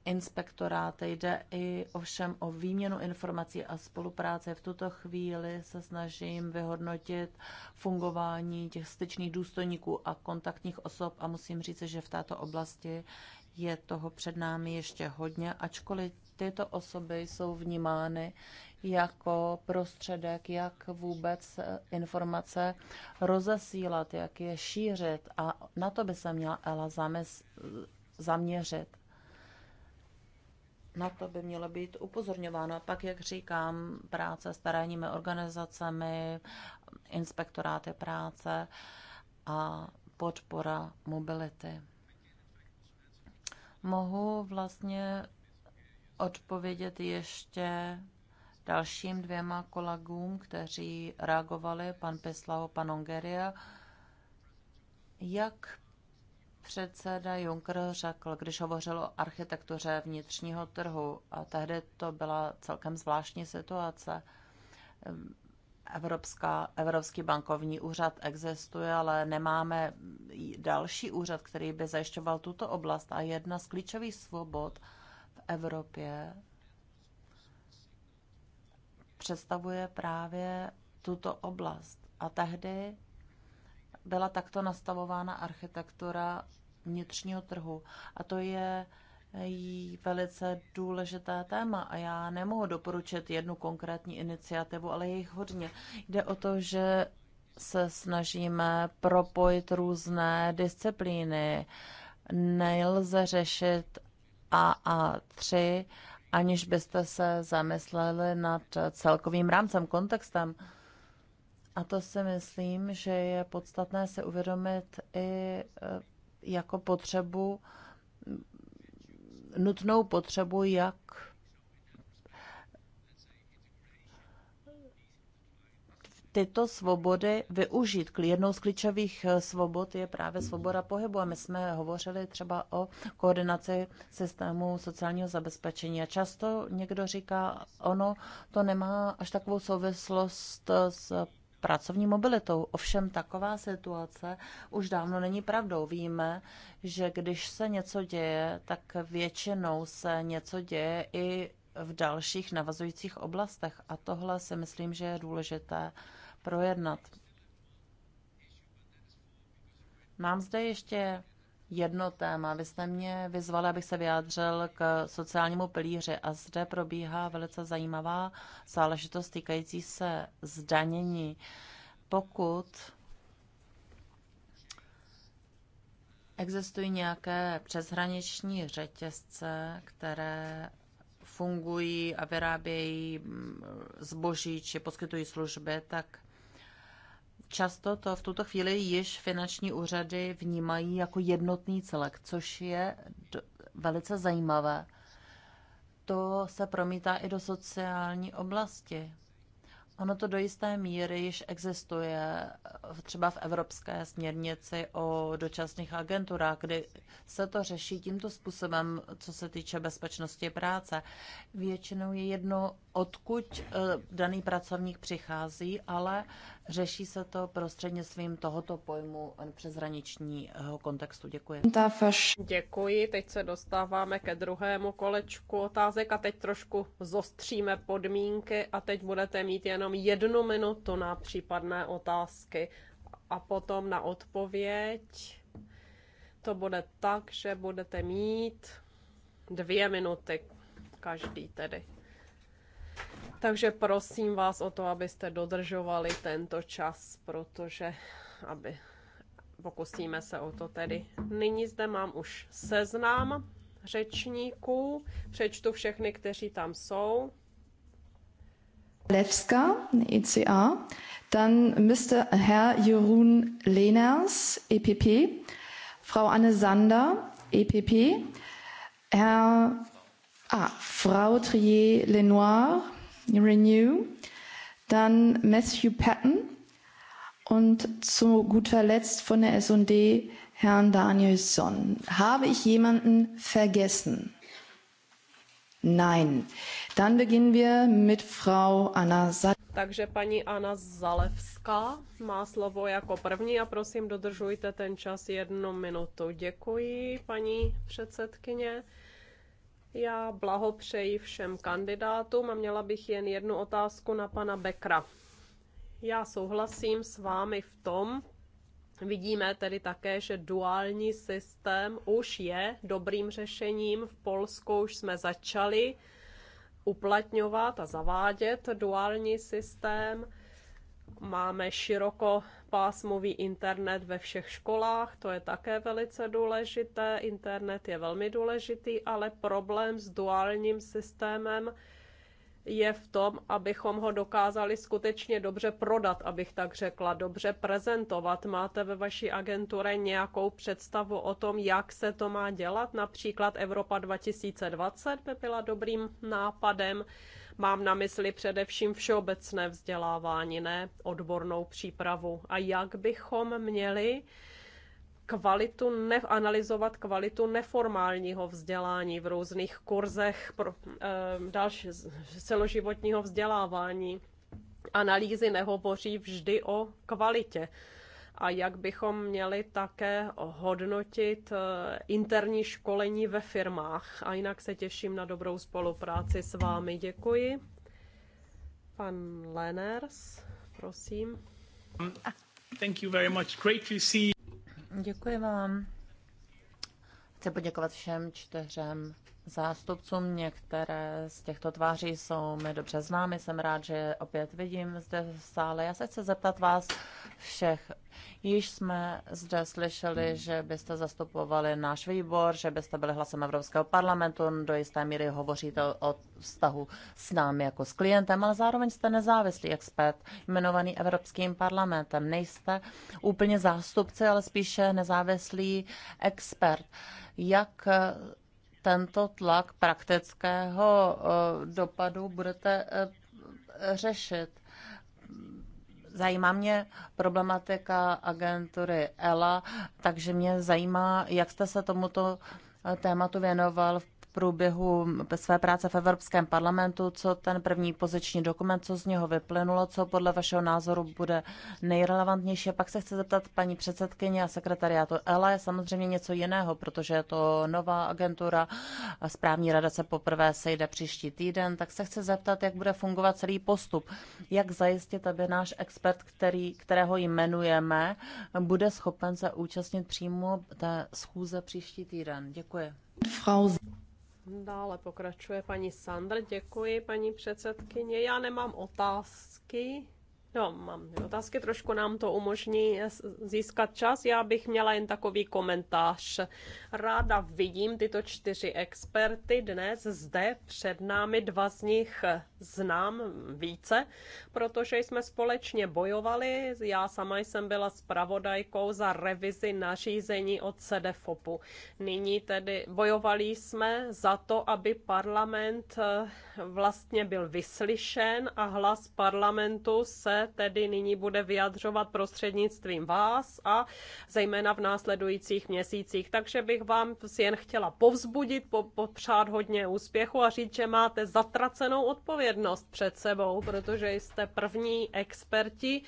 inspektoráty. Jde i ovšem o výměnu informací a spolupráce. V tuto chvíli se snažím vyhodnotit fungování těch styčných důstojníků a kontaktních osob a musím říct, že v této oblasti je toho před námi ještě hodně, ačkoliv tyto osoby jsou vnímány jako prostředek, jak vůbec informace rozesílat, jak je šířit a na to by se měla Ela zaměřit. Na to by mělo být upozorňováno. Pak, jak říkám, práce s terénními organizacemi, inspektoráty práce a podpora mobility. Mohu vlastně odpovědět ještě dalším dvěma kolegům, kteří reagovali, pan Pislao, pan Ongeria. Jak předseda Juncker řekl, když hovořil o architektuře vnitřního trhu, a tehdy to byla celkem zvláštní situace, Evropská, Evropský bankovní úřad existuje, ale nemáme další úřad, který by zajišťoval tuto oblast. A jedna z klíčových svobod v Evropě představuje právě tuto oblast. A tehdy byla takto nastavována architektura vnitřního trhu. A to je velice důležité téma a já nemohu doporučit jednu konkrétní iniciativu, ale je jich hodně. Jde o to, že se snažíme propojit různé disciplíny. Nelze řešit a a tři aniž byste se zamysleli nad celkovým rámcem, kontextem. A to si myslím, že je podstatné si uvědomit i e, jako potřebu, nutnou potřebu, jak tyto svobody využít. Jednou z klíčových eh, svobod je právě svoboda pohybu a my jsme hovořili třeba o koordinaci systému sociálního zabezpečení a často někdo říká, ono to nemá až takovou souvislost eh, s pracovní mobilitou. Ovšem taková situace už dávno není pravdou. Víme, že když se něco děje, tak většinou se něco děje i v dalších navazujících oblastech. A tohle si myslím, že je důležité projednat. Mám zde ještě jedno téma. Vy jste mě vyzvali, abych se vyjádřil k sociálnímu pilíři a zde probíhá velice zajímavá záležitost týkající se zdanění. Pokud existují nějaké přeshraniční řetězce, které fungují a vyrábějí mm, zboží či poskytují služby, tak Často to v tuto chvíli již finanční úřady vnímají jako jednotný celek, což je velice zajímavé. To se promítá i do sociální oblasti. Ono to do jisté míry již existuje třeba v evropské směrnici o dočasných agenturách, kdy se to řeší tímto způsobem, co se týče bezpečnosti práce. Většinou je jedno, odkud eh, daný pracovník přichází, ale řeší se to prostřednictvím tohoto pojmu eh, přeshraničního kontextu. Děkuji. Děkuji. Teď se dostáváme ke druhému kolečku otázek a teď trošku zostříme podmínky a teď budete mít jen jenom jednu minutu na případné otázky a potom na odpověď. To bude tak, že budete mít dvě minuty každý tedy. Takže prosím vás o to, abyste dodržovali tento čas, protože aby pokusíme se o to tedy. Nyní zde mám už seznam řečníků. Přečtu všechny, kteří tam jsou. Lewska, ECA. Dann müsste Herr Jeroen Lehners, EPP, Frau Anne Sander, EPP, Herr, ah, Frau Trier-Lenoir, Renew, dann Matthew Patton und zu guter Letzt von der S&D Herrn Danielson. Habe ich jemanden vergessen? Nein. Dann beginnen wir mit Frau Anna Takže paní Anna Zalevská má slovo jako první a prosím dodržujte ten čas jednu minutu. Děkuji, paní předsedkyně. Já blahopřeji všem kandidátům a měla bych jen jednu otázku na pana Bekra. Já souhlasím s vámi v tom, Vidíme tedy také, že duální systém už je dobrým řešením. V Polsku už jsme začali uplatňovat a zavádět duální systém. Máme širokopásmový internet ve všech školách, to je také velice důležité. Internet je velmi důležitý, ale problém s duálním systémem je v tom, abychom ho dokázali skutečně dobře prodat, abych tak řekla, dobře prezentovat. Máte ve vaší agentuře nějakou představu o tom, jak se to má dělat? Například Evropa 2020 by byla dobrým nápadem. Mám na mysli především všeobecné vzdělávání, ne odbornou přípravu. A jak bychom měli kvalitu, ne, analyzovat kvalitu neformálního vzdělání v různých kurzech pro, eh, další celoživotního vzdělávání. Analýzy nehovoří vždy o kvalitě a jak bychom měli také hodnotit eh, interní školení ve firmách. A jinak se těším na dobrou spolupráci s vámi. Děkuji. Pan Leners, prosím. Thank you very much. Great to see Děkuji vám. Chci poděkovat všem čtyřem zástupcům. Některé z těchto tváří jsou mi dobře známy, jsem rád, že opět vidím zde v sále. Já se chci zeptat vás všech. Již jsme zde slyšeli, hmm. že byste zastupovali náš výbor, že byste byli hlasem Evropského parlamentu, do jisté míry hovoříte o vztahu s námi jako s klientem, ale zároveň jste nezávislý expert jmenovaný Evropským parlamentem. Nejste úplně zástupce, ale spíše nezávislý expert. Jak tento tlak praktického eh, dopadu budete eh, řešit. Zajímá mě problematika agentury ELA, takže mě zajímá, jak jste se tomuto eh, tématu věnoval v průběhu své práce v Evropském parlamentu, co ten první poziční dokument, co z něho vyplynulo, co podle vašeho názoru bude nejrelevantnější. A pak se chci zeptat paní předsedkyně a sekretariátu ELA je samozřejmě něco jiného, protože je to nová agentura a správní rada se poprvé sejde příští týden, tak se chci zeptat, jak bude fungovat celý postup. Jak zajistit, aby náš expert, který, kterého jmenujeme, bude schopen se účastnit přímo té schůze příští týden. Děkuji. Frau Dále pokračuje paní Sandra. Děkuji, paní předsedkyně. Já nemám otázky, No, mám otázky, trošku nám to umožní získat čas. Já bych měla jen takový komentář. Ráda vidím tyto čtyři experty dnes zde před námi. Dva z nich znám více, protože jsme společně bojovali. Já sama jsem byla spravodajkou za revizi nařízení od CDFOPu. Nyní tedy bojovali jsme za to, aby parlament eh, vlastně byl vyslyšen a hlas parlamentu se tedy nyní bude vyjadřovat prostřednictvím vás a zejména v následujících měsících. Takže bych vám jen chtěla povzbudit, popřát hodně úspěchu a říct, že máte zatracenou odpovědnost před sebou, protože jste první experti,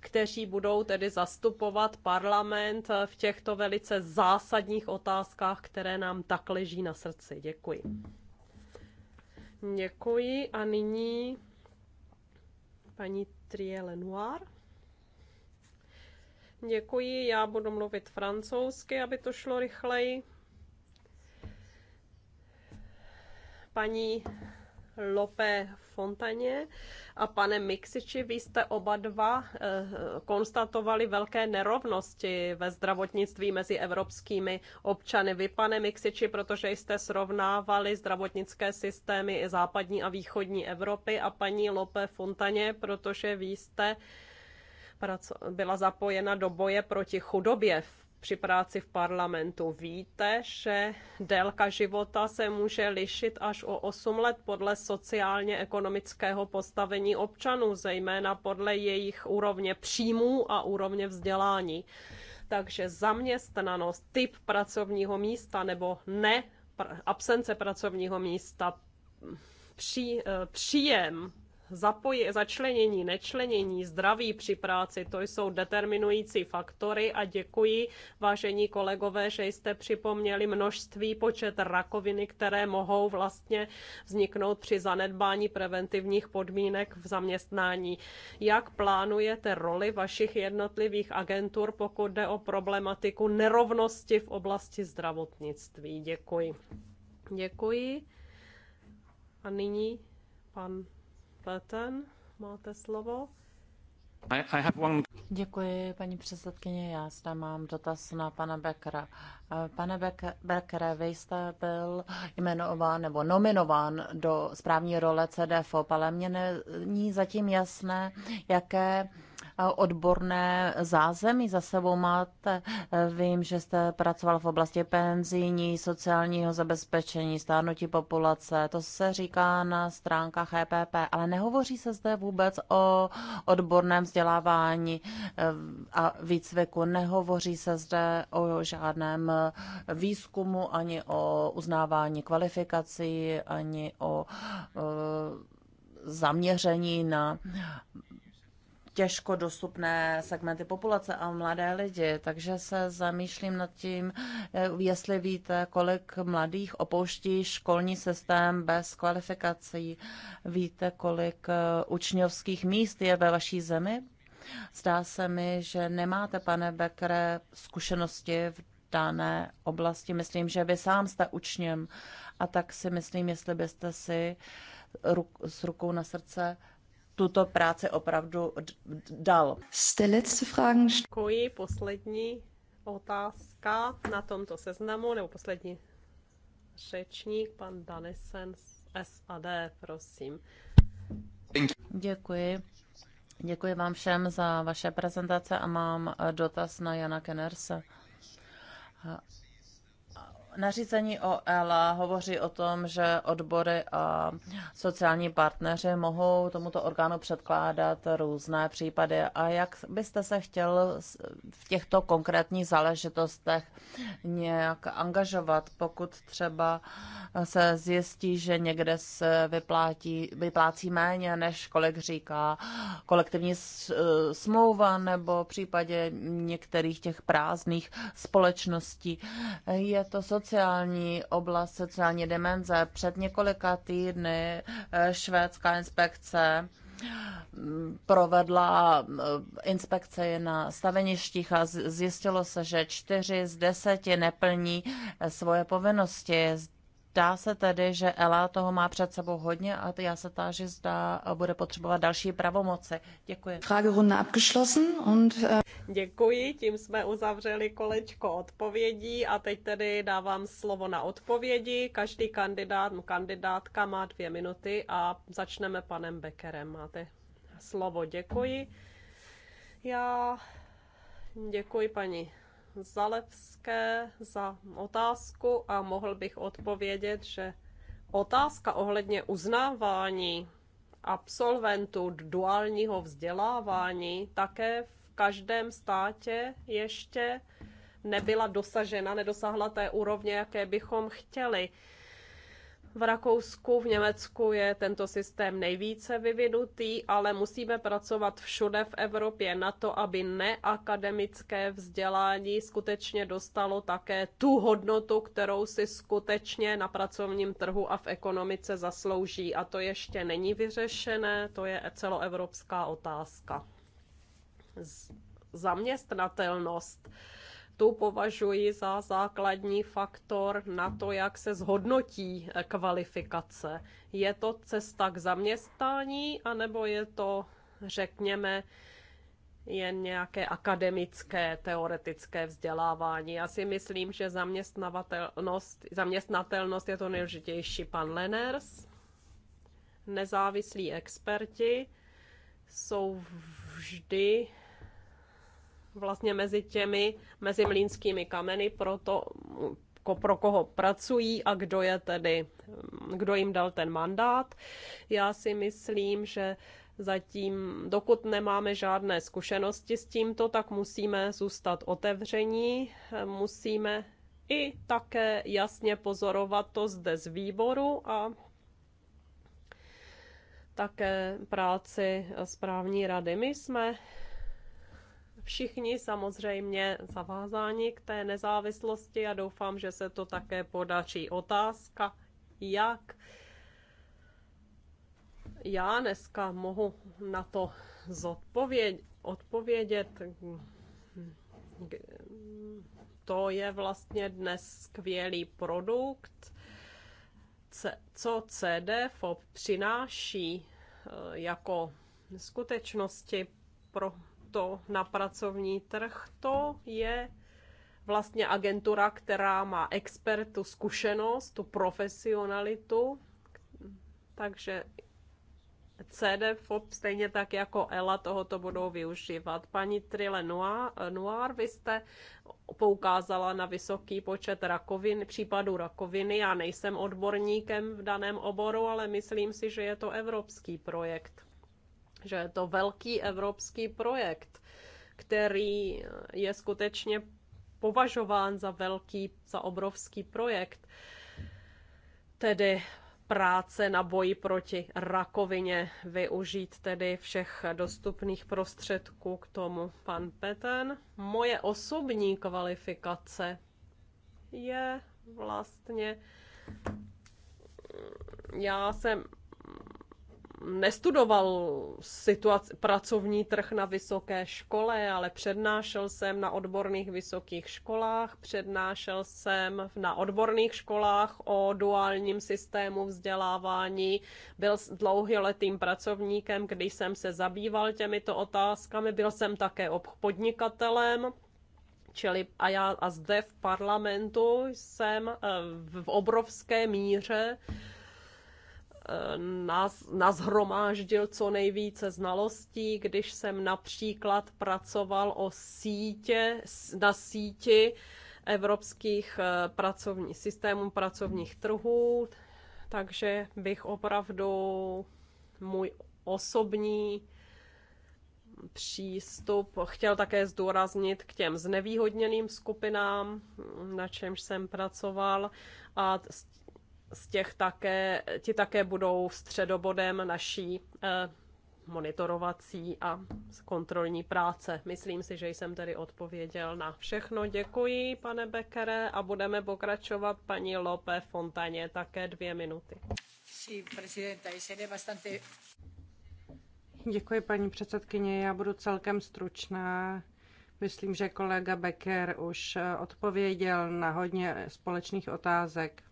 kteří budou tedy zastupovat parlament v těchto velice zásadních otázkách, které nám tak leží na srdci. Děkuji. Děkuji a nyní paní Trie Lenoir. Děkuji, já budu mluvit francouzsky, aby to šlo rychleji. Paní Lope Fontaně a pane Mixiči, vy jste oba dva eh, konstatovali velké nerovnosti ve zdravotnictví mezi evropskými občany. Vy, pane Mixiči, protože jste srovnávali zdravotnické systémy i západní a východní Evropy a paní Lope Fontaně, protože vy jste byla zapojena do boje proti chudobě v při práci v parlamentu víte, že délka života se může lišit až o 8 let podle sociálně-ekonomického postavení občanů, zejména podle jejich úrovně příjmů a úrovně vzdělání. Takže zaměstnanost, typ pracovního místa nebo ne absence pracovního místa, pří, eh, příjem zapoji, začlenění, nečlenění, zdraví při práci, to jsou determinující faktory a děkuji, vážení kolegové, že jste připomněli množství počet rakoviny, které mohou vlastně vzniknout při zanedbání preventivních podmínek v zaměstnání. Jak plánujete roli vašich jednotlivých agentur, pokud jde o problematiku nerovnosti v oblasti zdravotnictví? Děkuji. Děkuji. A nyní pan Patten, máte slovo. Děkuji, paní předsedkyně. Já zde mám dotaz na pana Beckera. Pane Beckere, vy jste byl jmenován nebo nominován do správní role CDFO, ale mně není zatím jasné, jaké odborné zázemí za sebou máte. Vím, že jste pracoval v oblasti penzijní, sociálního zabezpečení, stárnutí populace. To se říká na stránkách EPP, ale nehovoří se zde vůbec o odborném vzdělávání eh, a výcviku. Nehovoří se zde o žádném výzkumu, ani o uznávání kvalifikací, ani o eh, zaměření na těžko dostupné segmenty populace a mladé lidi, takže se zamýšlím nad tím, eh, jestli víte, kolik mladých opouští školní systém bez kvalifikací. Víte, kolik eh, učňovských míst je ve vaší zemi? Zdá se mi, že nemáte, pane Bekre, zkušenosti v dané oblasti. Myslím, že vy sám jste učněm a tak si myslím, jestli byste si ruk, s rukou na srdce tuto práci opravdu dal. Děkuji, poslední otázka na tomto seznamu, nebo poslední řečník, pan Danesen z SAD, prosím. Děkuji. Děkuji vám všem za vaše prezentace a mám dotaz na Jana Kennerse. Nařízení o ELA hovoří o tom, že odbory a sociální partneři mohou tomuto orgánu předkládat různé případy. A jak byste se chtěl v těchto konkrétních záležitostech nějak angažovat, pokud třeba se zjistí, že někde se vyplátí, vyplácí méně, než kolik říká kolektivní smlouva, nebo v případě některých těch prázdných společností. Je to sociální sociální oblast, sociální dimenze. Před několika týdny eh, švédská inspekce mm, provedla eh, inspekce na staveništích a zjistilo se, že čtyři z deseti neplní eh, svoje povinnosti. Dá se tedy, že Ela toho má před sebou hodně a já se táži, zda bude potřebovat další pravomoci. Děkuji. Äh, děkuji, tím jsme uzavřeli kolečko odpovědí a teď tedy dávám slovo na odpovědi. Každý kandidát, kandidátka má dvě minuty a začneme panem Beckerem. Máte slovo, děkuji. Já děkuji paní Zalevské za otázku a mohl bych odpovědět, že otázka ohledně uznávání absolventů duálního vzdělávání také v každém státě ještě nebyla dosažena, nedosáhla té úrovně, jaké bychom chtěli. V Rakousku, v Německu je tento systém nejvíce vyvinutý, ale musíme pracovat všude v Evropě na to, aby neakademické vzdělání skutečně dostalo také tu hodnotu, kterou si skutečně na pracovním trhu a v ekonomice zaslouží. A to ještě není vyřešené, to je celoevropská otázka. Z- zaměstnatelnost tu považuji za základní faktor na to, jak se zhodnotí eh, kvalifikace. Je to cesta k zaměstnání, anebo je to, řekněme, jen nějaké akademické, teoretické vzdělávání. Já si myslím, že zaměstnavatelnost, zaměstnatelnost je to nejležitější. Pan Leners, nezávislí experti, jsou vždy vlastně mezi těmi, mezi mlínskými kameny, pro to pro koho pracují a kdo je tedy, kdo jim dal ten mandát. Já si myslím, že zatím, dokud nemáme žádné zkušenosti s tímto, tak musíme zůstat otevření, musíme i také jasně pozorovat to zde z výboru a také práci správní rady. My jsme všichni samozřejmě zavázáni k té nezávislosti a doufám, že se to také podaří. Otázka, jak já dneska mohu na to zodpověd, odpovědět, to je vlastně dnes skvělý produkt, co CDFOP přináší eh, jako skutečnosti pro to na pracovní trh, to je vlastně agentura, která má expertu, zkušenost, tu profesionalitu, takže CDFOP stejně tak jako ELA tohoto budou využívat. Paní Trile Noir, vy jste poukázala na vysoký počet rakovin, případů rakoviny. Já nejsem odborníkem v daném oboru, ale myslím si, že je to evropský projekt že je to velký evropský projekt, který je skutečně považován za velký, za obrovský projekt. Tedy práce na boji proti rakovině, využít tedy všech dostupných prostředků k tomu. Pan Peten, moje osobní kvalifikace je vlastně, já jsem nestudoval situaci, pracovní trh na vysoké škole, ale přednášel jsem na odborných vysokých školách, přednášel jsem na odborných školách o duálním systému vzdělávání. Byl dlouholetým pracovníkem, když jsem se zabýval těmito otázkami. Byl jsem také podnikatelem, Čili a já a zde v parlamentu jsem eh, v obrovské míře Eh, nazhromáždil co nejvíce znalostí, když jsem například pracoval o sítě, na síti evropských eh, pracovních systémů, pracovních trhů, takže bych opravdu můj osobní přístup chtěl také zdůraznit k těm znevýhodněným skupinám, na čemž jsem pracoval a z těch také, ti také budou středobodem naší eh, monitorovací a kontrolní práce. Myslím si, že jsem tedy odpověděl na všechno. Děkuji, pane Bekere, a budeme pokračovat paní Lope Fontaně také dvě minuty. Děkuji, paní předsedkyně. Já budu celkem stručná. Myslím, že kolega Becker už eh, odpověděl na hodně společných otázek.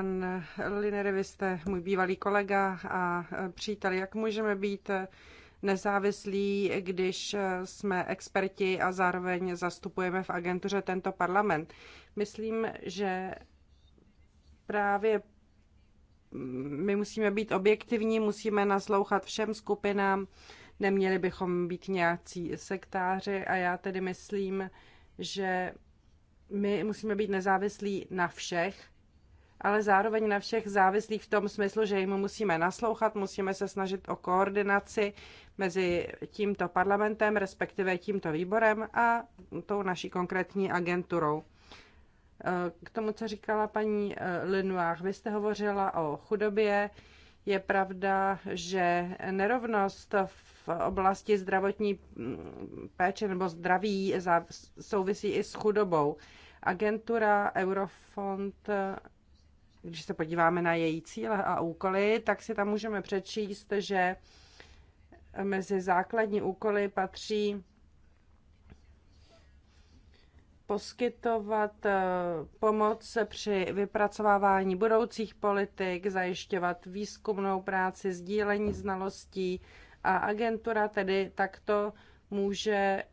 Pan Liner, vy jste můj bývalý kolega a e, přítel. Jak můžeme být nezávislí, když jsme experti a zároveň zastupujeme v agentuře tento parlament? Myslím, že právě my musíme být objektivní, musíme naslouchat všem skupinám, neměli bychom být nějací sektáři a já tedy myslím, že my musíme být nezávislí na všech ale zároveň na všech závislých v tom smyslu, že jim musíme naslouchat, musíme se snažit o koordinaci mezi tímto parlamentem, respektive tímto výborem a tou naší konkrétní agenturou. Eh, k tomu, co říkala paní eh, Lenoir, vy jste hovořila o chudobě. Je pravda, že nerovnost v oblasti zdravotní mm, péče nebo zdraví souvisí i s chudobou. Agentura Eurofond eh, když se podíváme na její cíle a úkoly, tak si tam můžeme přečíst, že mezi základní úkoly patří poskytovat eh, pomoc při vypracovávání budoucích politik, zajišťovat výzkumnou práci, sdílení znalostí a agentura tedy takto může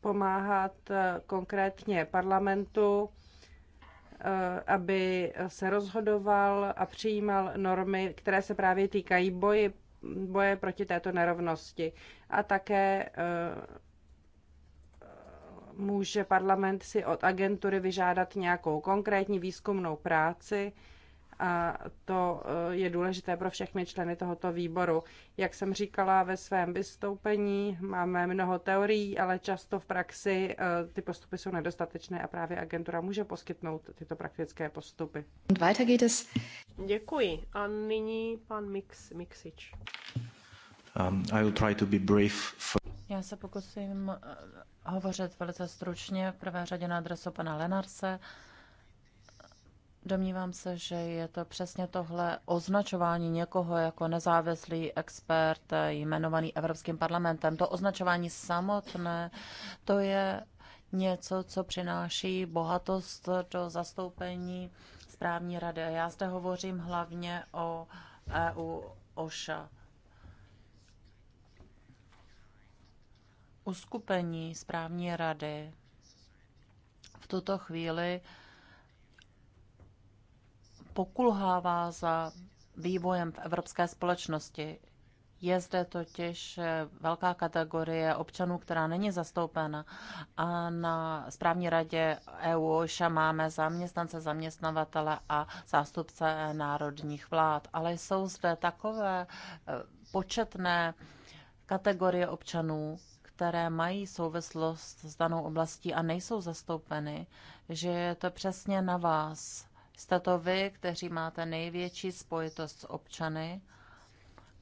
pomáhat eh, konkrétně parlamentu Eh, aby se rozhodoval a přijímal normy, které se právě týkají boji, boje proti této nerovnosti. A také eh, může parlament si od agentury vyžádat nějakou konkrétní výzkumnou práci, a to eh, je důležité pro všechny členy tohoto výboru. Jak jsem říkala ve svém vystoupení, máme mnoho teorií, ale často v praxi eh, ty postupy jsou nedostatečné a právě agentura může poskytnout tyto praktické postupy. Děkuji. A nyní pan Mix, Mixič. Um, I will try to be brief for... Já se pokusím eh, hovořit velice stručně, v prvé řadě na adresu pana Lenarse. Uh, Domnívám se, že je to přesně tohle označování někoho jako nezávislý expert eh, jmenovaný Evropským parlamentem. To označování samotné, to je něco, co přináší bohatost do zastoupení správní rady. Já zde hovořím hlavně o EU OŠA. Uskupení správní rady v tuto chvíli pokulhává za vývojem v evropské společnosti. Je zde totiž velká kategorie občanů, která není zastoupena. A na správní radě EU máme zaměstnance, zaměstnavatele a zástupce národních vlád. Ale jsou zde takové eh, početné kategorie občanů, které mají souvislost s danou oblastí a nejsou zastoupeny, že je to přesně na vás, Jste to vy, kteří máte největší spojitost s občany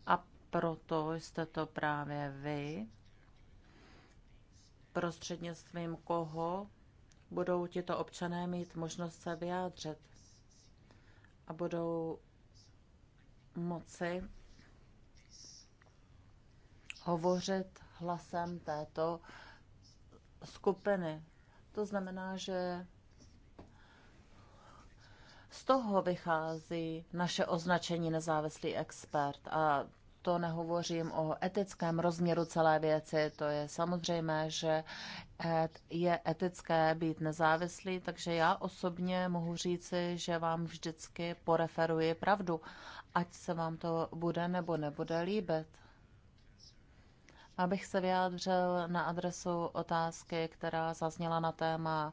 a proto jste to právě vy, prostřednictvím koho budou tito občané mít možnost se vyjádřit a budou moci hovořit hlasem této skupiny. To znamená, že z toho vychází naše označení nezávislý expert a to nehovořím o etickém rozměru celé věci, to je samozřejmé, že je etické být nezávislý, takže já osobně mohu říci, že vám vždycky poreferuji pravdu, ať se vám to bude nebo nebude líbit abych se vyjádřil na adresu otázky, která zazněla na téma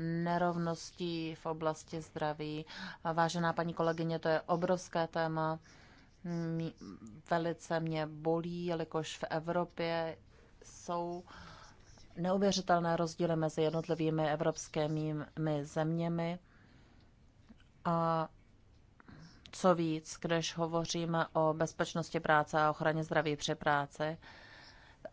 nerovností v oblasti zdraví. Vážená paní kolegyně, to je obrovské téma. Velice mě bolí, jelikož v Evropě jsou neuvěřitelné rozdíly mezi jednotlivými evropskými zeměmi. A co víc, když hovoříme o bezpečnosti práce a ochraně zdraví při práci,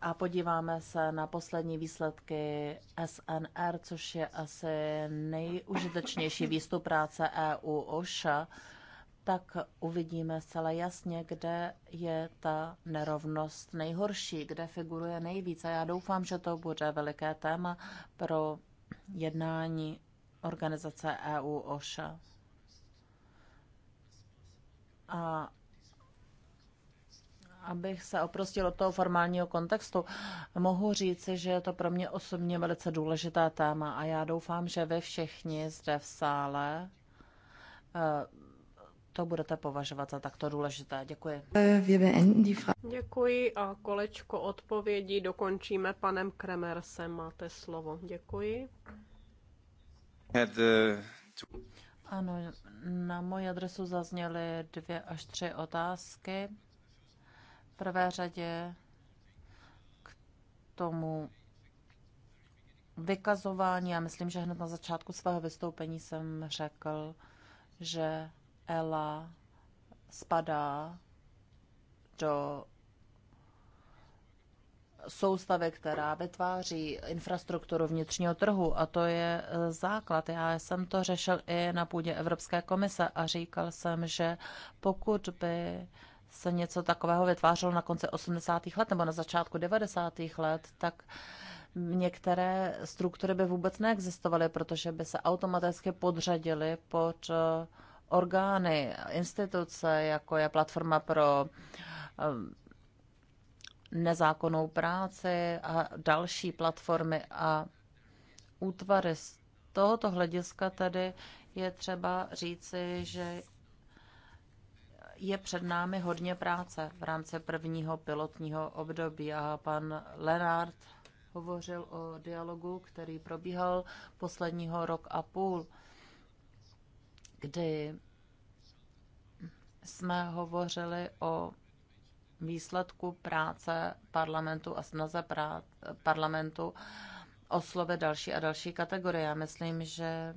a podíváme se na poslední výsledky SNR, což je asi nejužitečnější výstup práce EU OSHA, tak uvidíme zcela jasně, kde je ta nerovnost nejhorší, kde figuruje nejvíce. Já doufám, že to bude veliké téma pro jednání organizace EU OSHA. A abych se oprostil od toho formálního kontextu, mohu říci, že je to pro mě osobně velice důležitá téma a já doufám, že vy všichni zde v sále eh, to budete považovat za takto důležité. Děkuji. Děkuji a kolečko odpovědí dokončíme panem Kremersem. Máte slovo. Děkuji. Eh, ano, na moji adresu zazněly dvě až tři otázky prvé řadě k tomu vykazování. Já myslím, že hned na začátku svého vystoupení jsem řekl, že Ela spadá do soustavy, která vytváří infrastrukturu vnitřního trhu a to je e, základ. Já jsem to řešil i na půdě Evropské komise a říkal jsem, že pokud by se něco takového vytvářelo na konci 80. let nebo na začátku 90. let, tak některé struktury by vůbec neexistovaly, protože by se automaticky podřadily pod eh, orgány, instituce, jako je platforma pro eh, nezákonnou práci a další platformy a útvary. Z tohoto hlediska tedy je třeba říci, že je před námi hodně práce v rámci prvního pilotního období a pan Lenard hovořil o dialogu, který probíhal posledního rok a půl, kdy jsme hovořili o výsledku práce parlamentu a snaze parlamentu oslovit další a další kategorie. Já myslím, že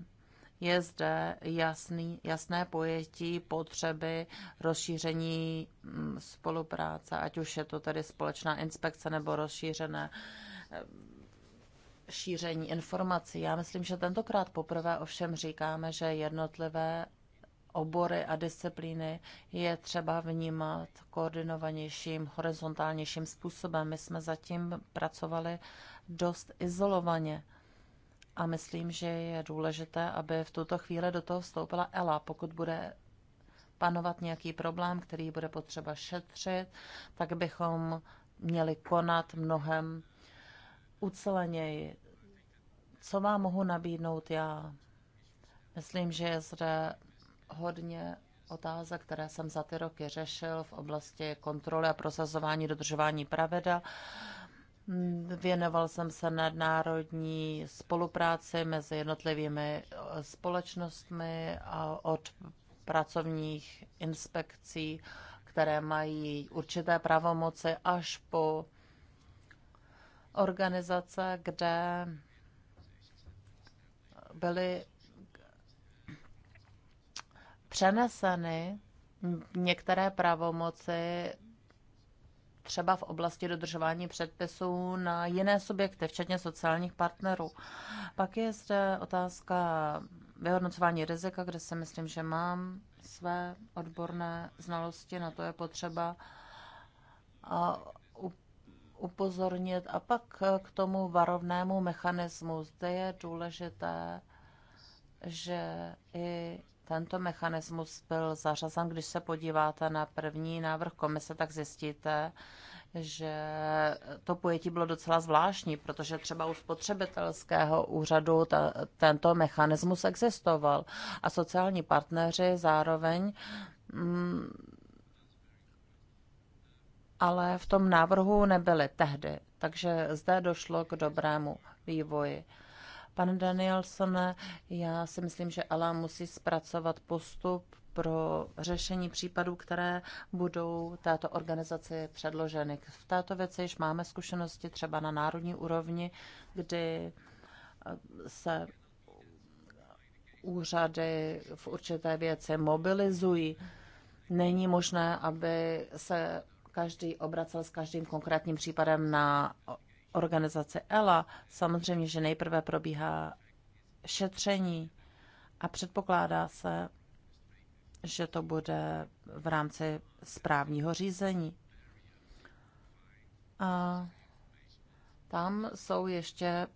je zde jasný, jasné pojetí potřeby rozšíření mm, spolupráce, ať už je to tedy společná inspekce nebo rozšířené eh, šíření informací. Já myslím, že tentokrát poprvé ovšem říkáme, že jednotlivé obory a disciplíny je třeba vnímat koordinovanějším, horizontálnějším způsobem. My jsme zatím pracovali dost izolovaně a myslím, že je důležité, aby v tuto chvíli do toho vstoupila Ela, pokud bude panovat nějaký problém, který bude potřeba šetřit, tak bychom měli konat mnohem uceleněji. Co vám mohu nabídnout já? Myslím, že je zde hodně otázek, které jsem za ty roky řešil v oblasti kontroly a prosazování dodržování pravidel. Věnoval jsem se nadnárodní spolupráci mezi jednotlivými eh, společnostmi a od pracovních inspekcí, které mají určité pravomoci, až po organizace, kde byly přeneseny některé pravomoci třeba v oblasti dodržování předpisů na jiné subjekty, včetně sociálních partnerů. Pak je zde otázka vyhodnocování rizika, kde si myslím, že mám své odborné znalosti, na to je potřeba upozornit. A pak e, k tomu varovnému mechanismu. Zde je důležité, že i tento mechanismus byl zařazen, když se podíváte na první návrh komise, tak zjistíte, že to pojetí bylo docela zvláštní, protože třeba u spotřebitelského úřadu ta, tento mechanismus existoval a sociální partneři zároveň. Mm, ale v tom návrhu nebyly tehdy, takže zde došlo k dobrému vývoji. Pane Danielsone, já si myslím, že Ala musí zpracovat postup pro řešení případů, které budou této organizaci předloženy. V této věci již máme zkušenosti třeba na národní úrovni, kdy eh, se úřady v určité věci mobilizují. Není možné, aby se každý obracel s každým konkrétním případem na Organizace ELA. Samozřejmě, že nejprve probíhá šetření a předpokládá se, že to bude v rámci správního řízení. A tam jsou ještě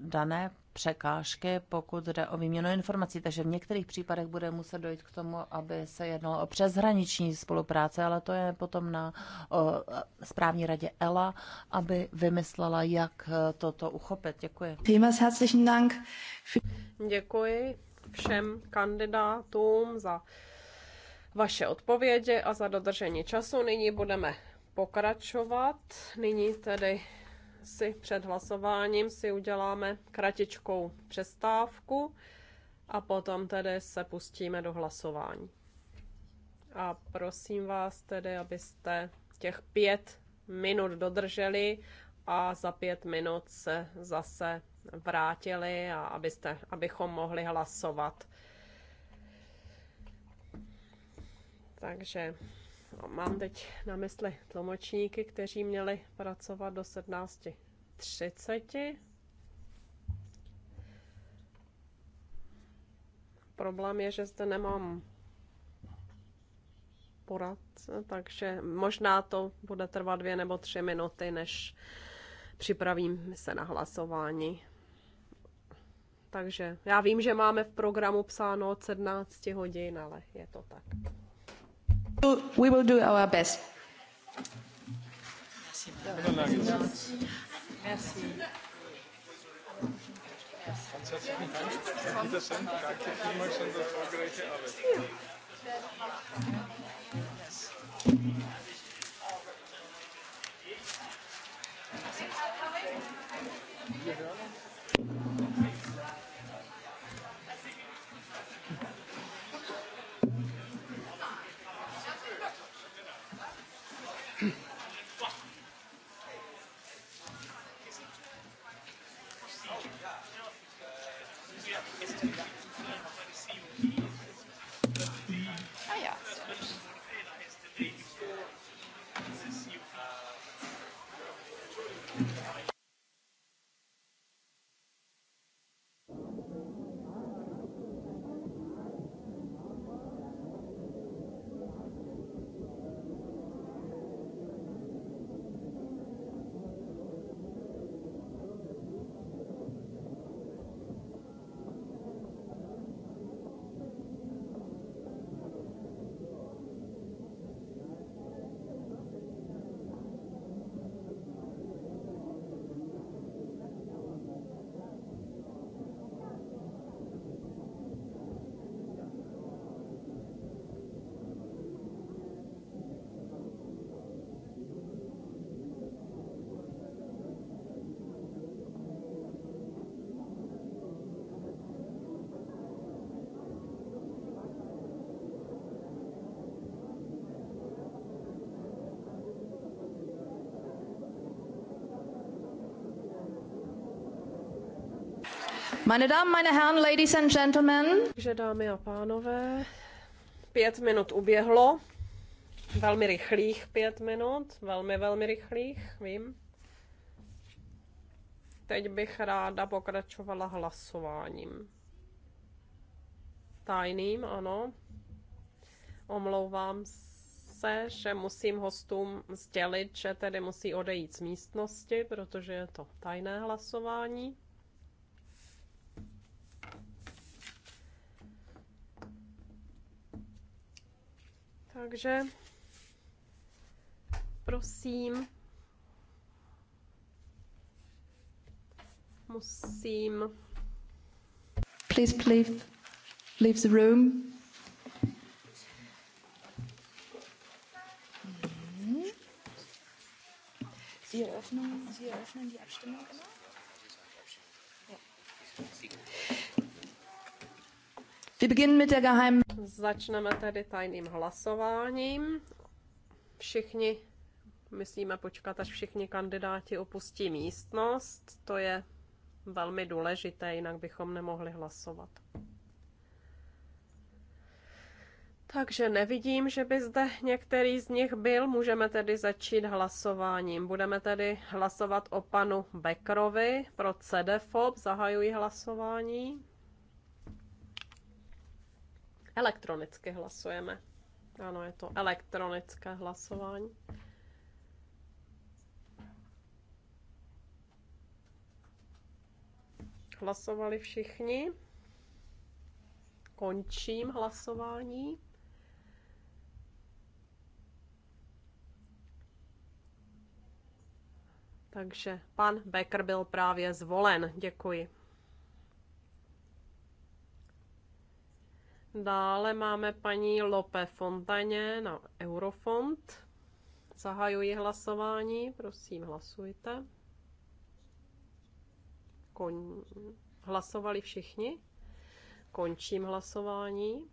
dané překážky, pokud jde o výměnu informací. Takže v některých případech bude muset dojít k tomu, aby se jednalo o přeshraniční spolupráci, ale to je potom na o, správní radě ELA, aby vymyslela, jak e, toto uchopit. Děkuji. Děkuji všem kandidátům za vaše odpovědi a za dodržení času. Nyní budeme pokračovat. Nyní tedy si před hlasováním si uděláme kratičkou přestávku a potom tedy se pustíme do hlasování. A prosím vás tedy, abyste těch pět minut dodrželi a za pět minut se zase vrátili a abyste, abychom mohli hlasovat. Takže Mám teď na mysli tlumočníky, kteří měli pracovat do 17.30. Problém je, že zde nemám poradce, takže možná to bude trvat dvě nebo tři minuty, než připravím se na hlasování. Takže já vím, že máme v programu psáno od 17 hodin, ale je to tak. We will do our best. Merci. Ganz Meine Damen, meine Herren, Ladies and Gentlemen. Takže dámy a pánové, pět minut uběhlo. Velmi rychlých pět minut, velmi, velmi rychlých, vím. Teď bych ráda pokračovala hlasováním. Tajným, ano. Omlouvám se, že musím hostům sdělit, že tedy musí odejít z místnosti, protože je to tajné hlasování. Takže prosím, musím. Please, please leave the room. Sie eröffnen, Sie eröffnen die Abstimmung, genau? Ja. Začneme tedy tajným hlasováním. Všichni musíme počkat, až všichni kandidáti opustí místnost. To je velmi důležité, jinak bychom nemohli hlasovat. Takže nevidím, že by zde některý z nich byl. Můžeme tedy začít hlasováním. Budeme tedy hlasovat o panu Bekrovi pro CDFOB. Zahajuji hlasování. Elektronicky hlasujeme. Ano, je to elektronické hlasování. Hlasovali všichni. Končím hlasování. Takže pan Becker byl právě zvolen. Děkuji. Dále máme paní Lope Fontaně na Eurofond. Zahajuji hlasování, prosím hlasujte. Kon... Hlasovali všichni? Končím hlasování.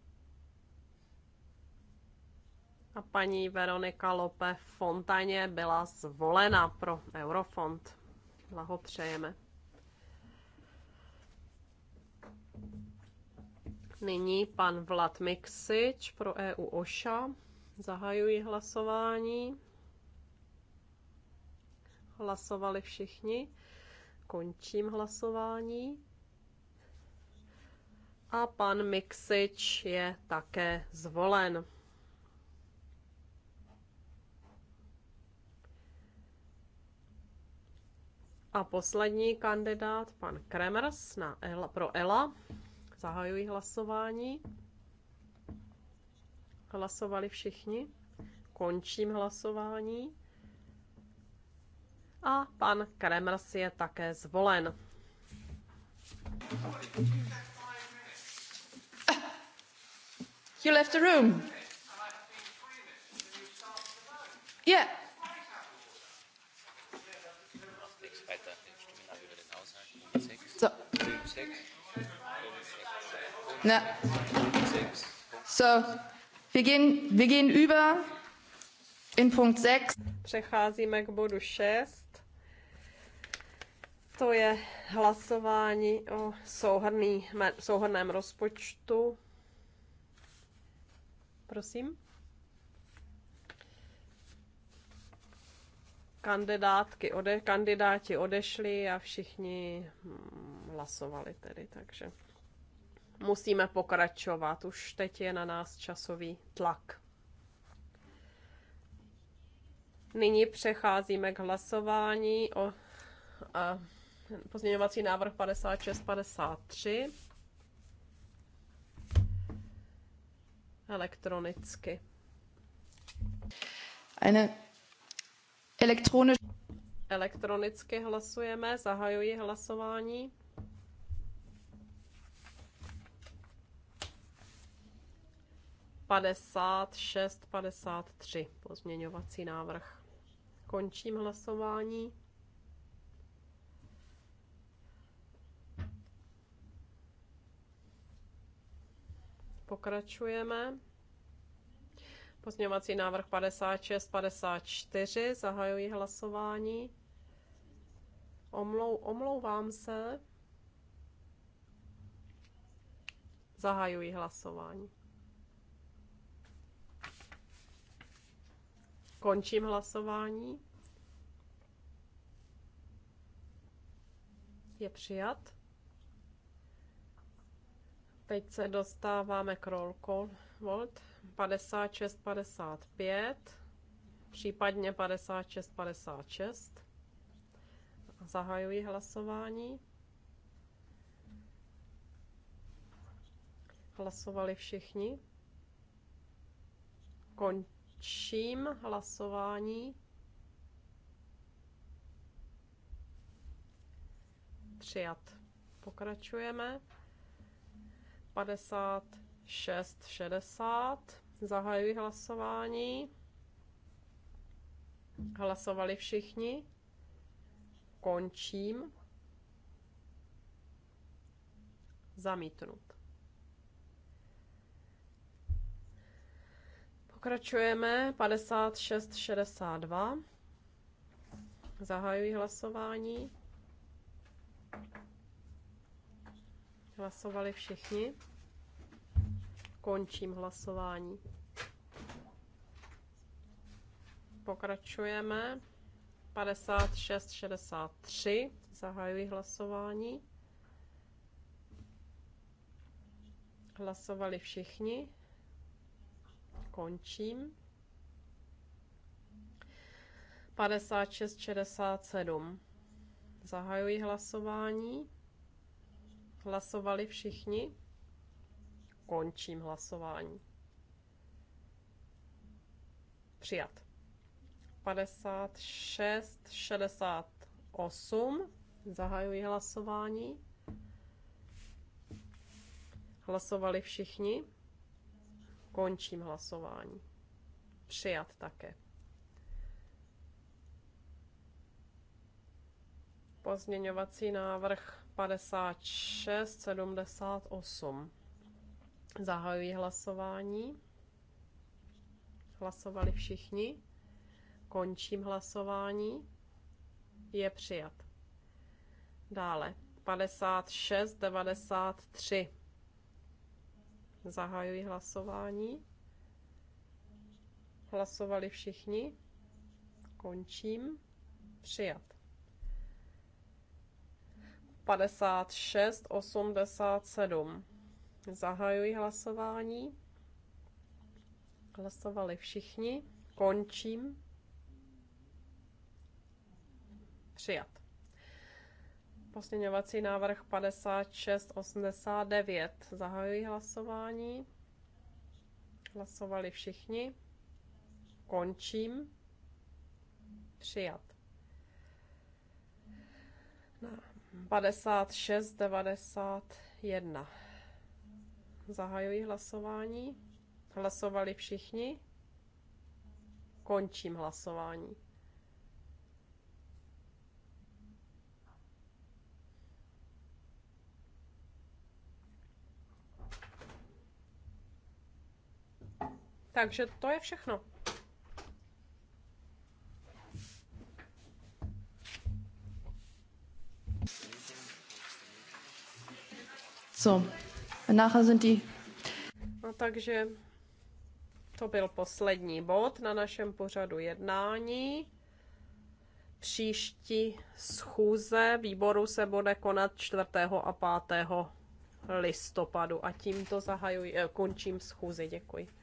A paní Veronika Lope Fontaně byla zvolena pro Eurofond. Blahopřejeme. Nyní pan Vlad Miksič pro EU OŠA. Zahajuji hlasování. Hlasovali všichni. Končím hlasování. A pan Miksič je také zvolen. A poslední kandidát, pan Kremers na ELA, pro ELA. Zahajuji hlasování. Hlasovali všichni. Končím hlasování. A pan Kremers je také zvolen. You left the room. Yeah. So. Na. So, wir gehen, wir gehen über in Punkt 6. Přecházíme k bodu 6. To je hlasování o souhrný, souhrném rozpočtu. Prosím. kandidátky ode, kandidáti odešli a všichni hm, hlasovali tedy, takže musíme pokračovat. Už teď je na nás časový tlak. Nyní přecházíme k hlasování o a, pozměňovací návrh 5653 elektronicky. Eine elektronisch... Elektronicky hlasujeme, zahajuji hlasování. 56, 53 pozměňovací návrh. Končím hlasování. Pokračujeme. Pozměňovací návrh 56, 54. Zahajuji hlasování. Omlou, omlouvám se. Zahajuji hlasování. Končím hlasování. Je přijat. Teď se dostáváme k roll call volt 56, 55, případně 56, 56. Zahajuji hlasování. Hlasovali všichni. Kon- čím hlasování. Přijat. Pokračujeme. 56, 60. Zahajuji hlasování. Hlasovali všichni. Končím. Zamítnut. Pokračujeme 5662. Zahajuji hlasování. Hlasovali všichni. Končím hlasování. Pokračujeme 5663. Zahajuji hlasování. Hlasovali všichni končím. 56, 67. Zahajuji hlasování. Hlasovali všichni. Končím hlasování. Přijat. 56, 68. Zahajuji hlasování. Hlasovali všichni. Končím hlasování. Přijat také. Pozměňovací návrh 5678. Zahajuji hlasování. Hlasovali všichni. Končím hlasování. Je přijat. Dále 5693. Zahajuji hlasování. Hlasovali všichni. Končím. Přijat. 56, 87. Zahajuji hlasování. Hlasovali všichni. Končím. Přijat. Pozměňovací návrh 5689. Zahajuji hlasování. Hlasovali všichni. Končím. Přijat. 5691. Zahajuji hlasování. Hlasovali všichni. Končím hlasování. Takže to je všechno. Co? nachher sind die. No takže to byl poslední bod na našem pořadu jednání. Příští schůze výboru se bude konat 4. a 5. listopadu a tímto zahajuji, eh, končím schůzi. Děkuji.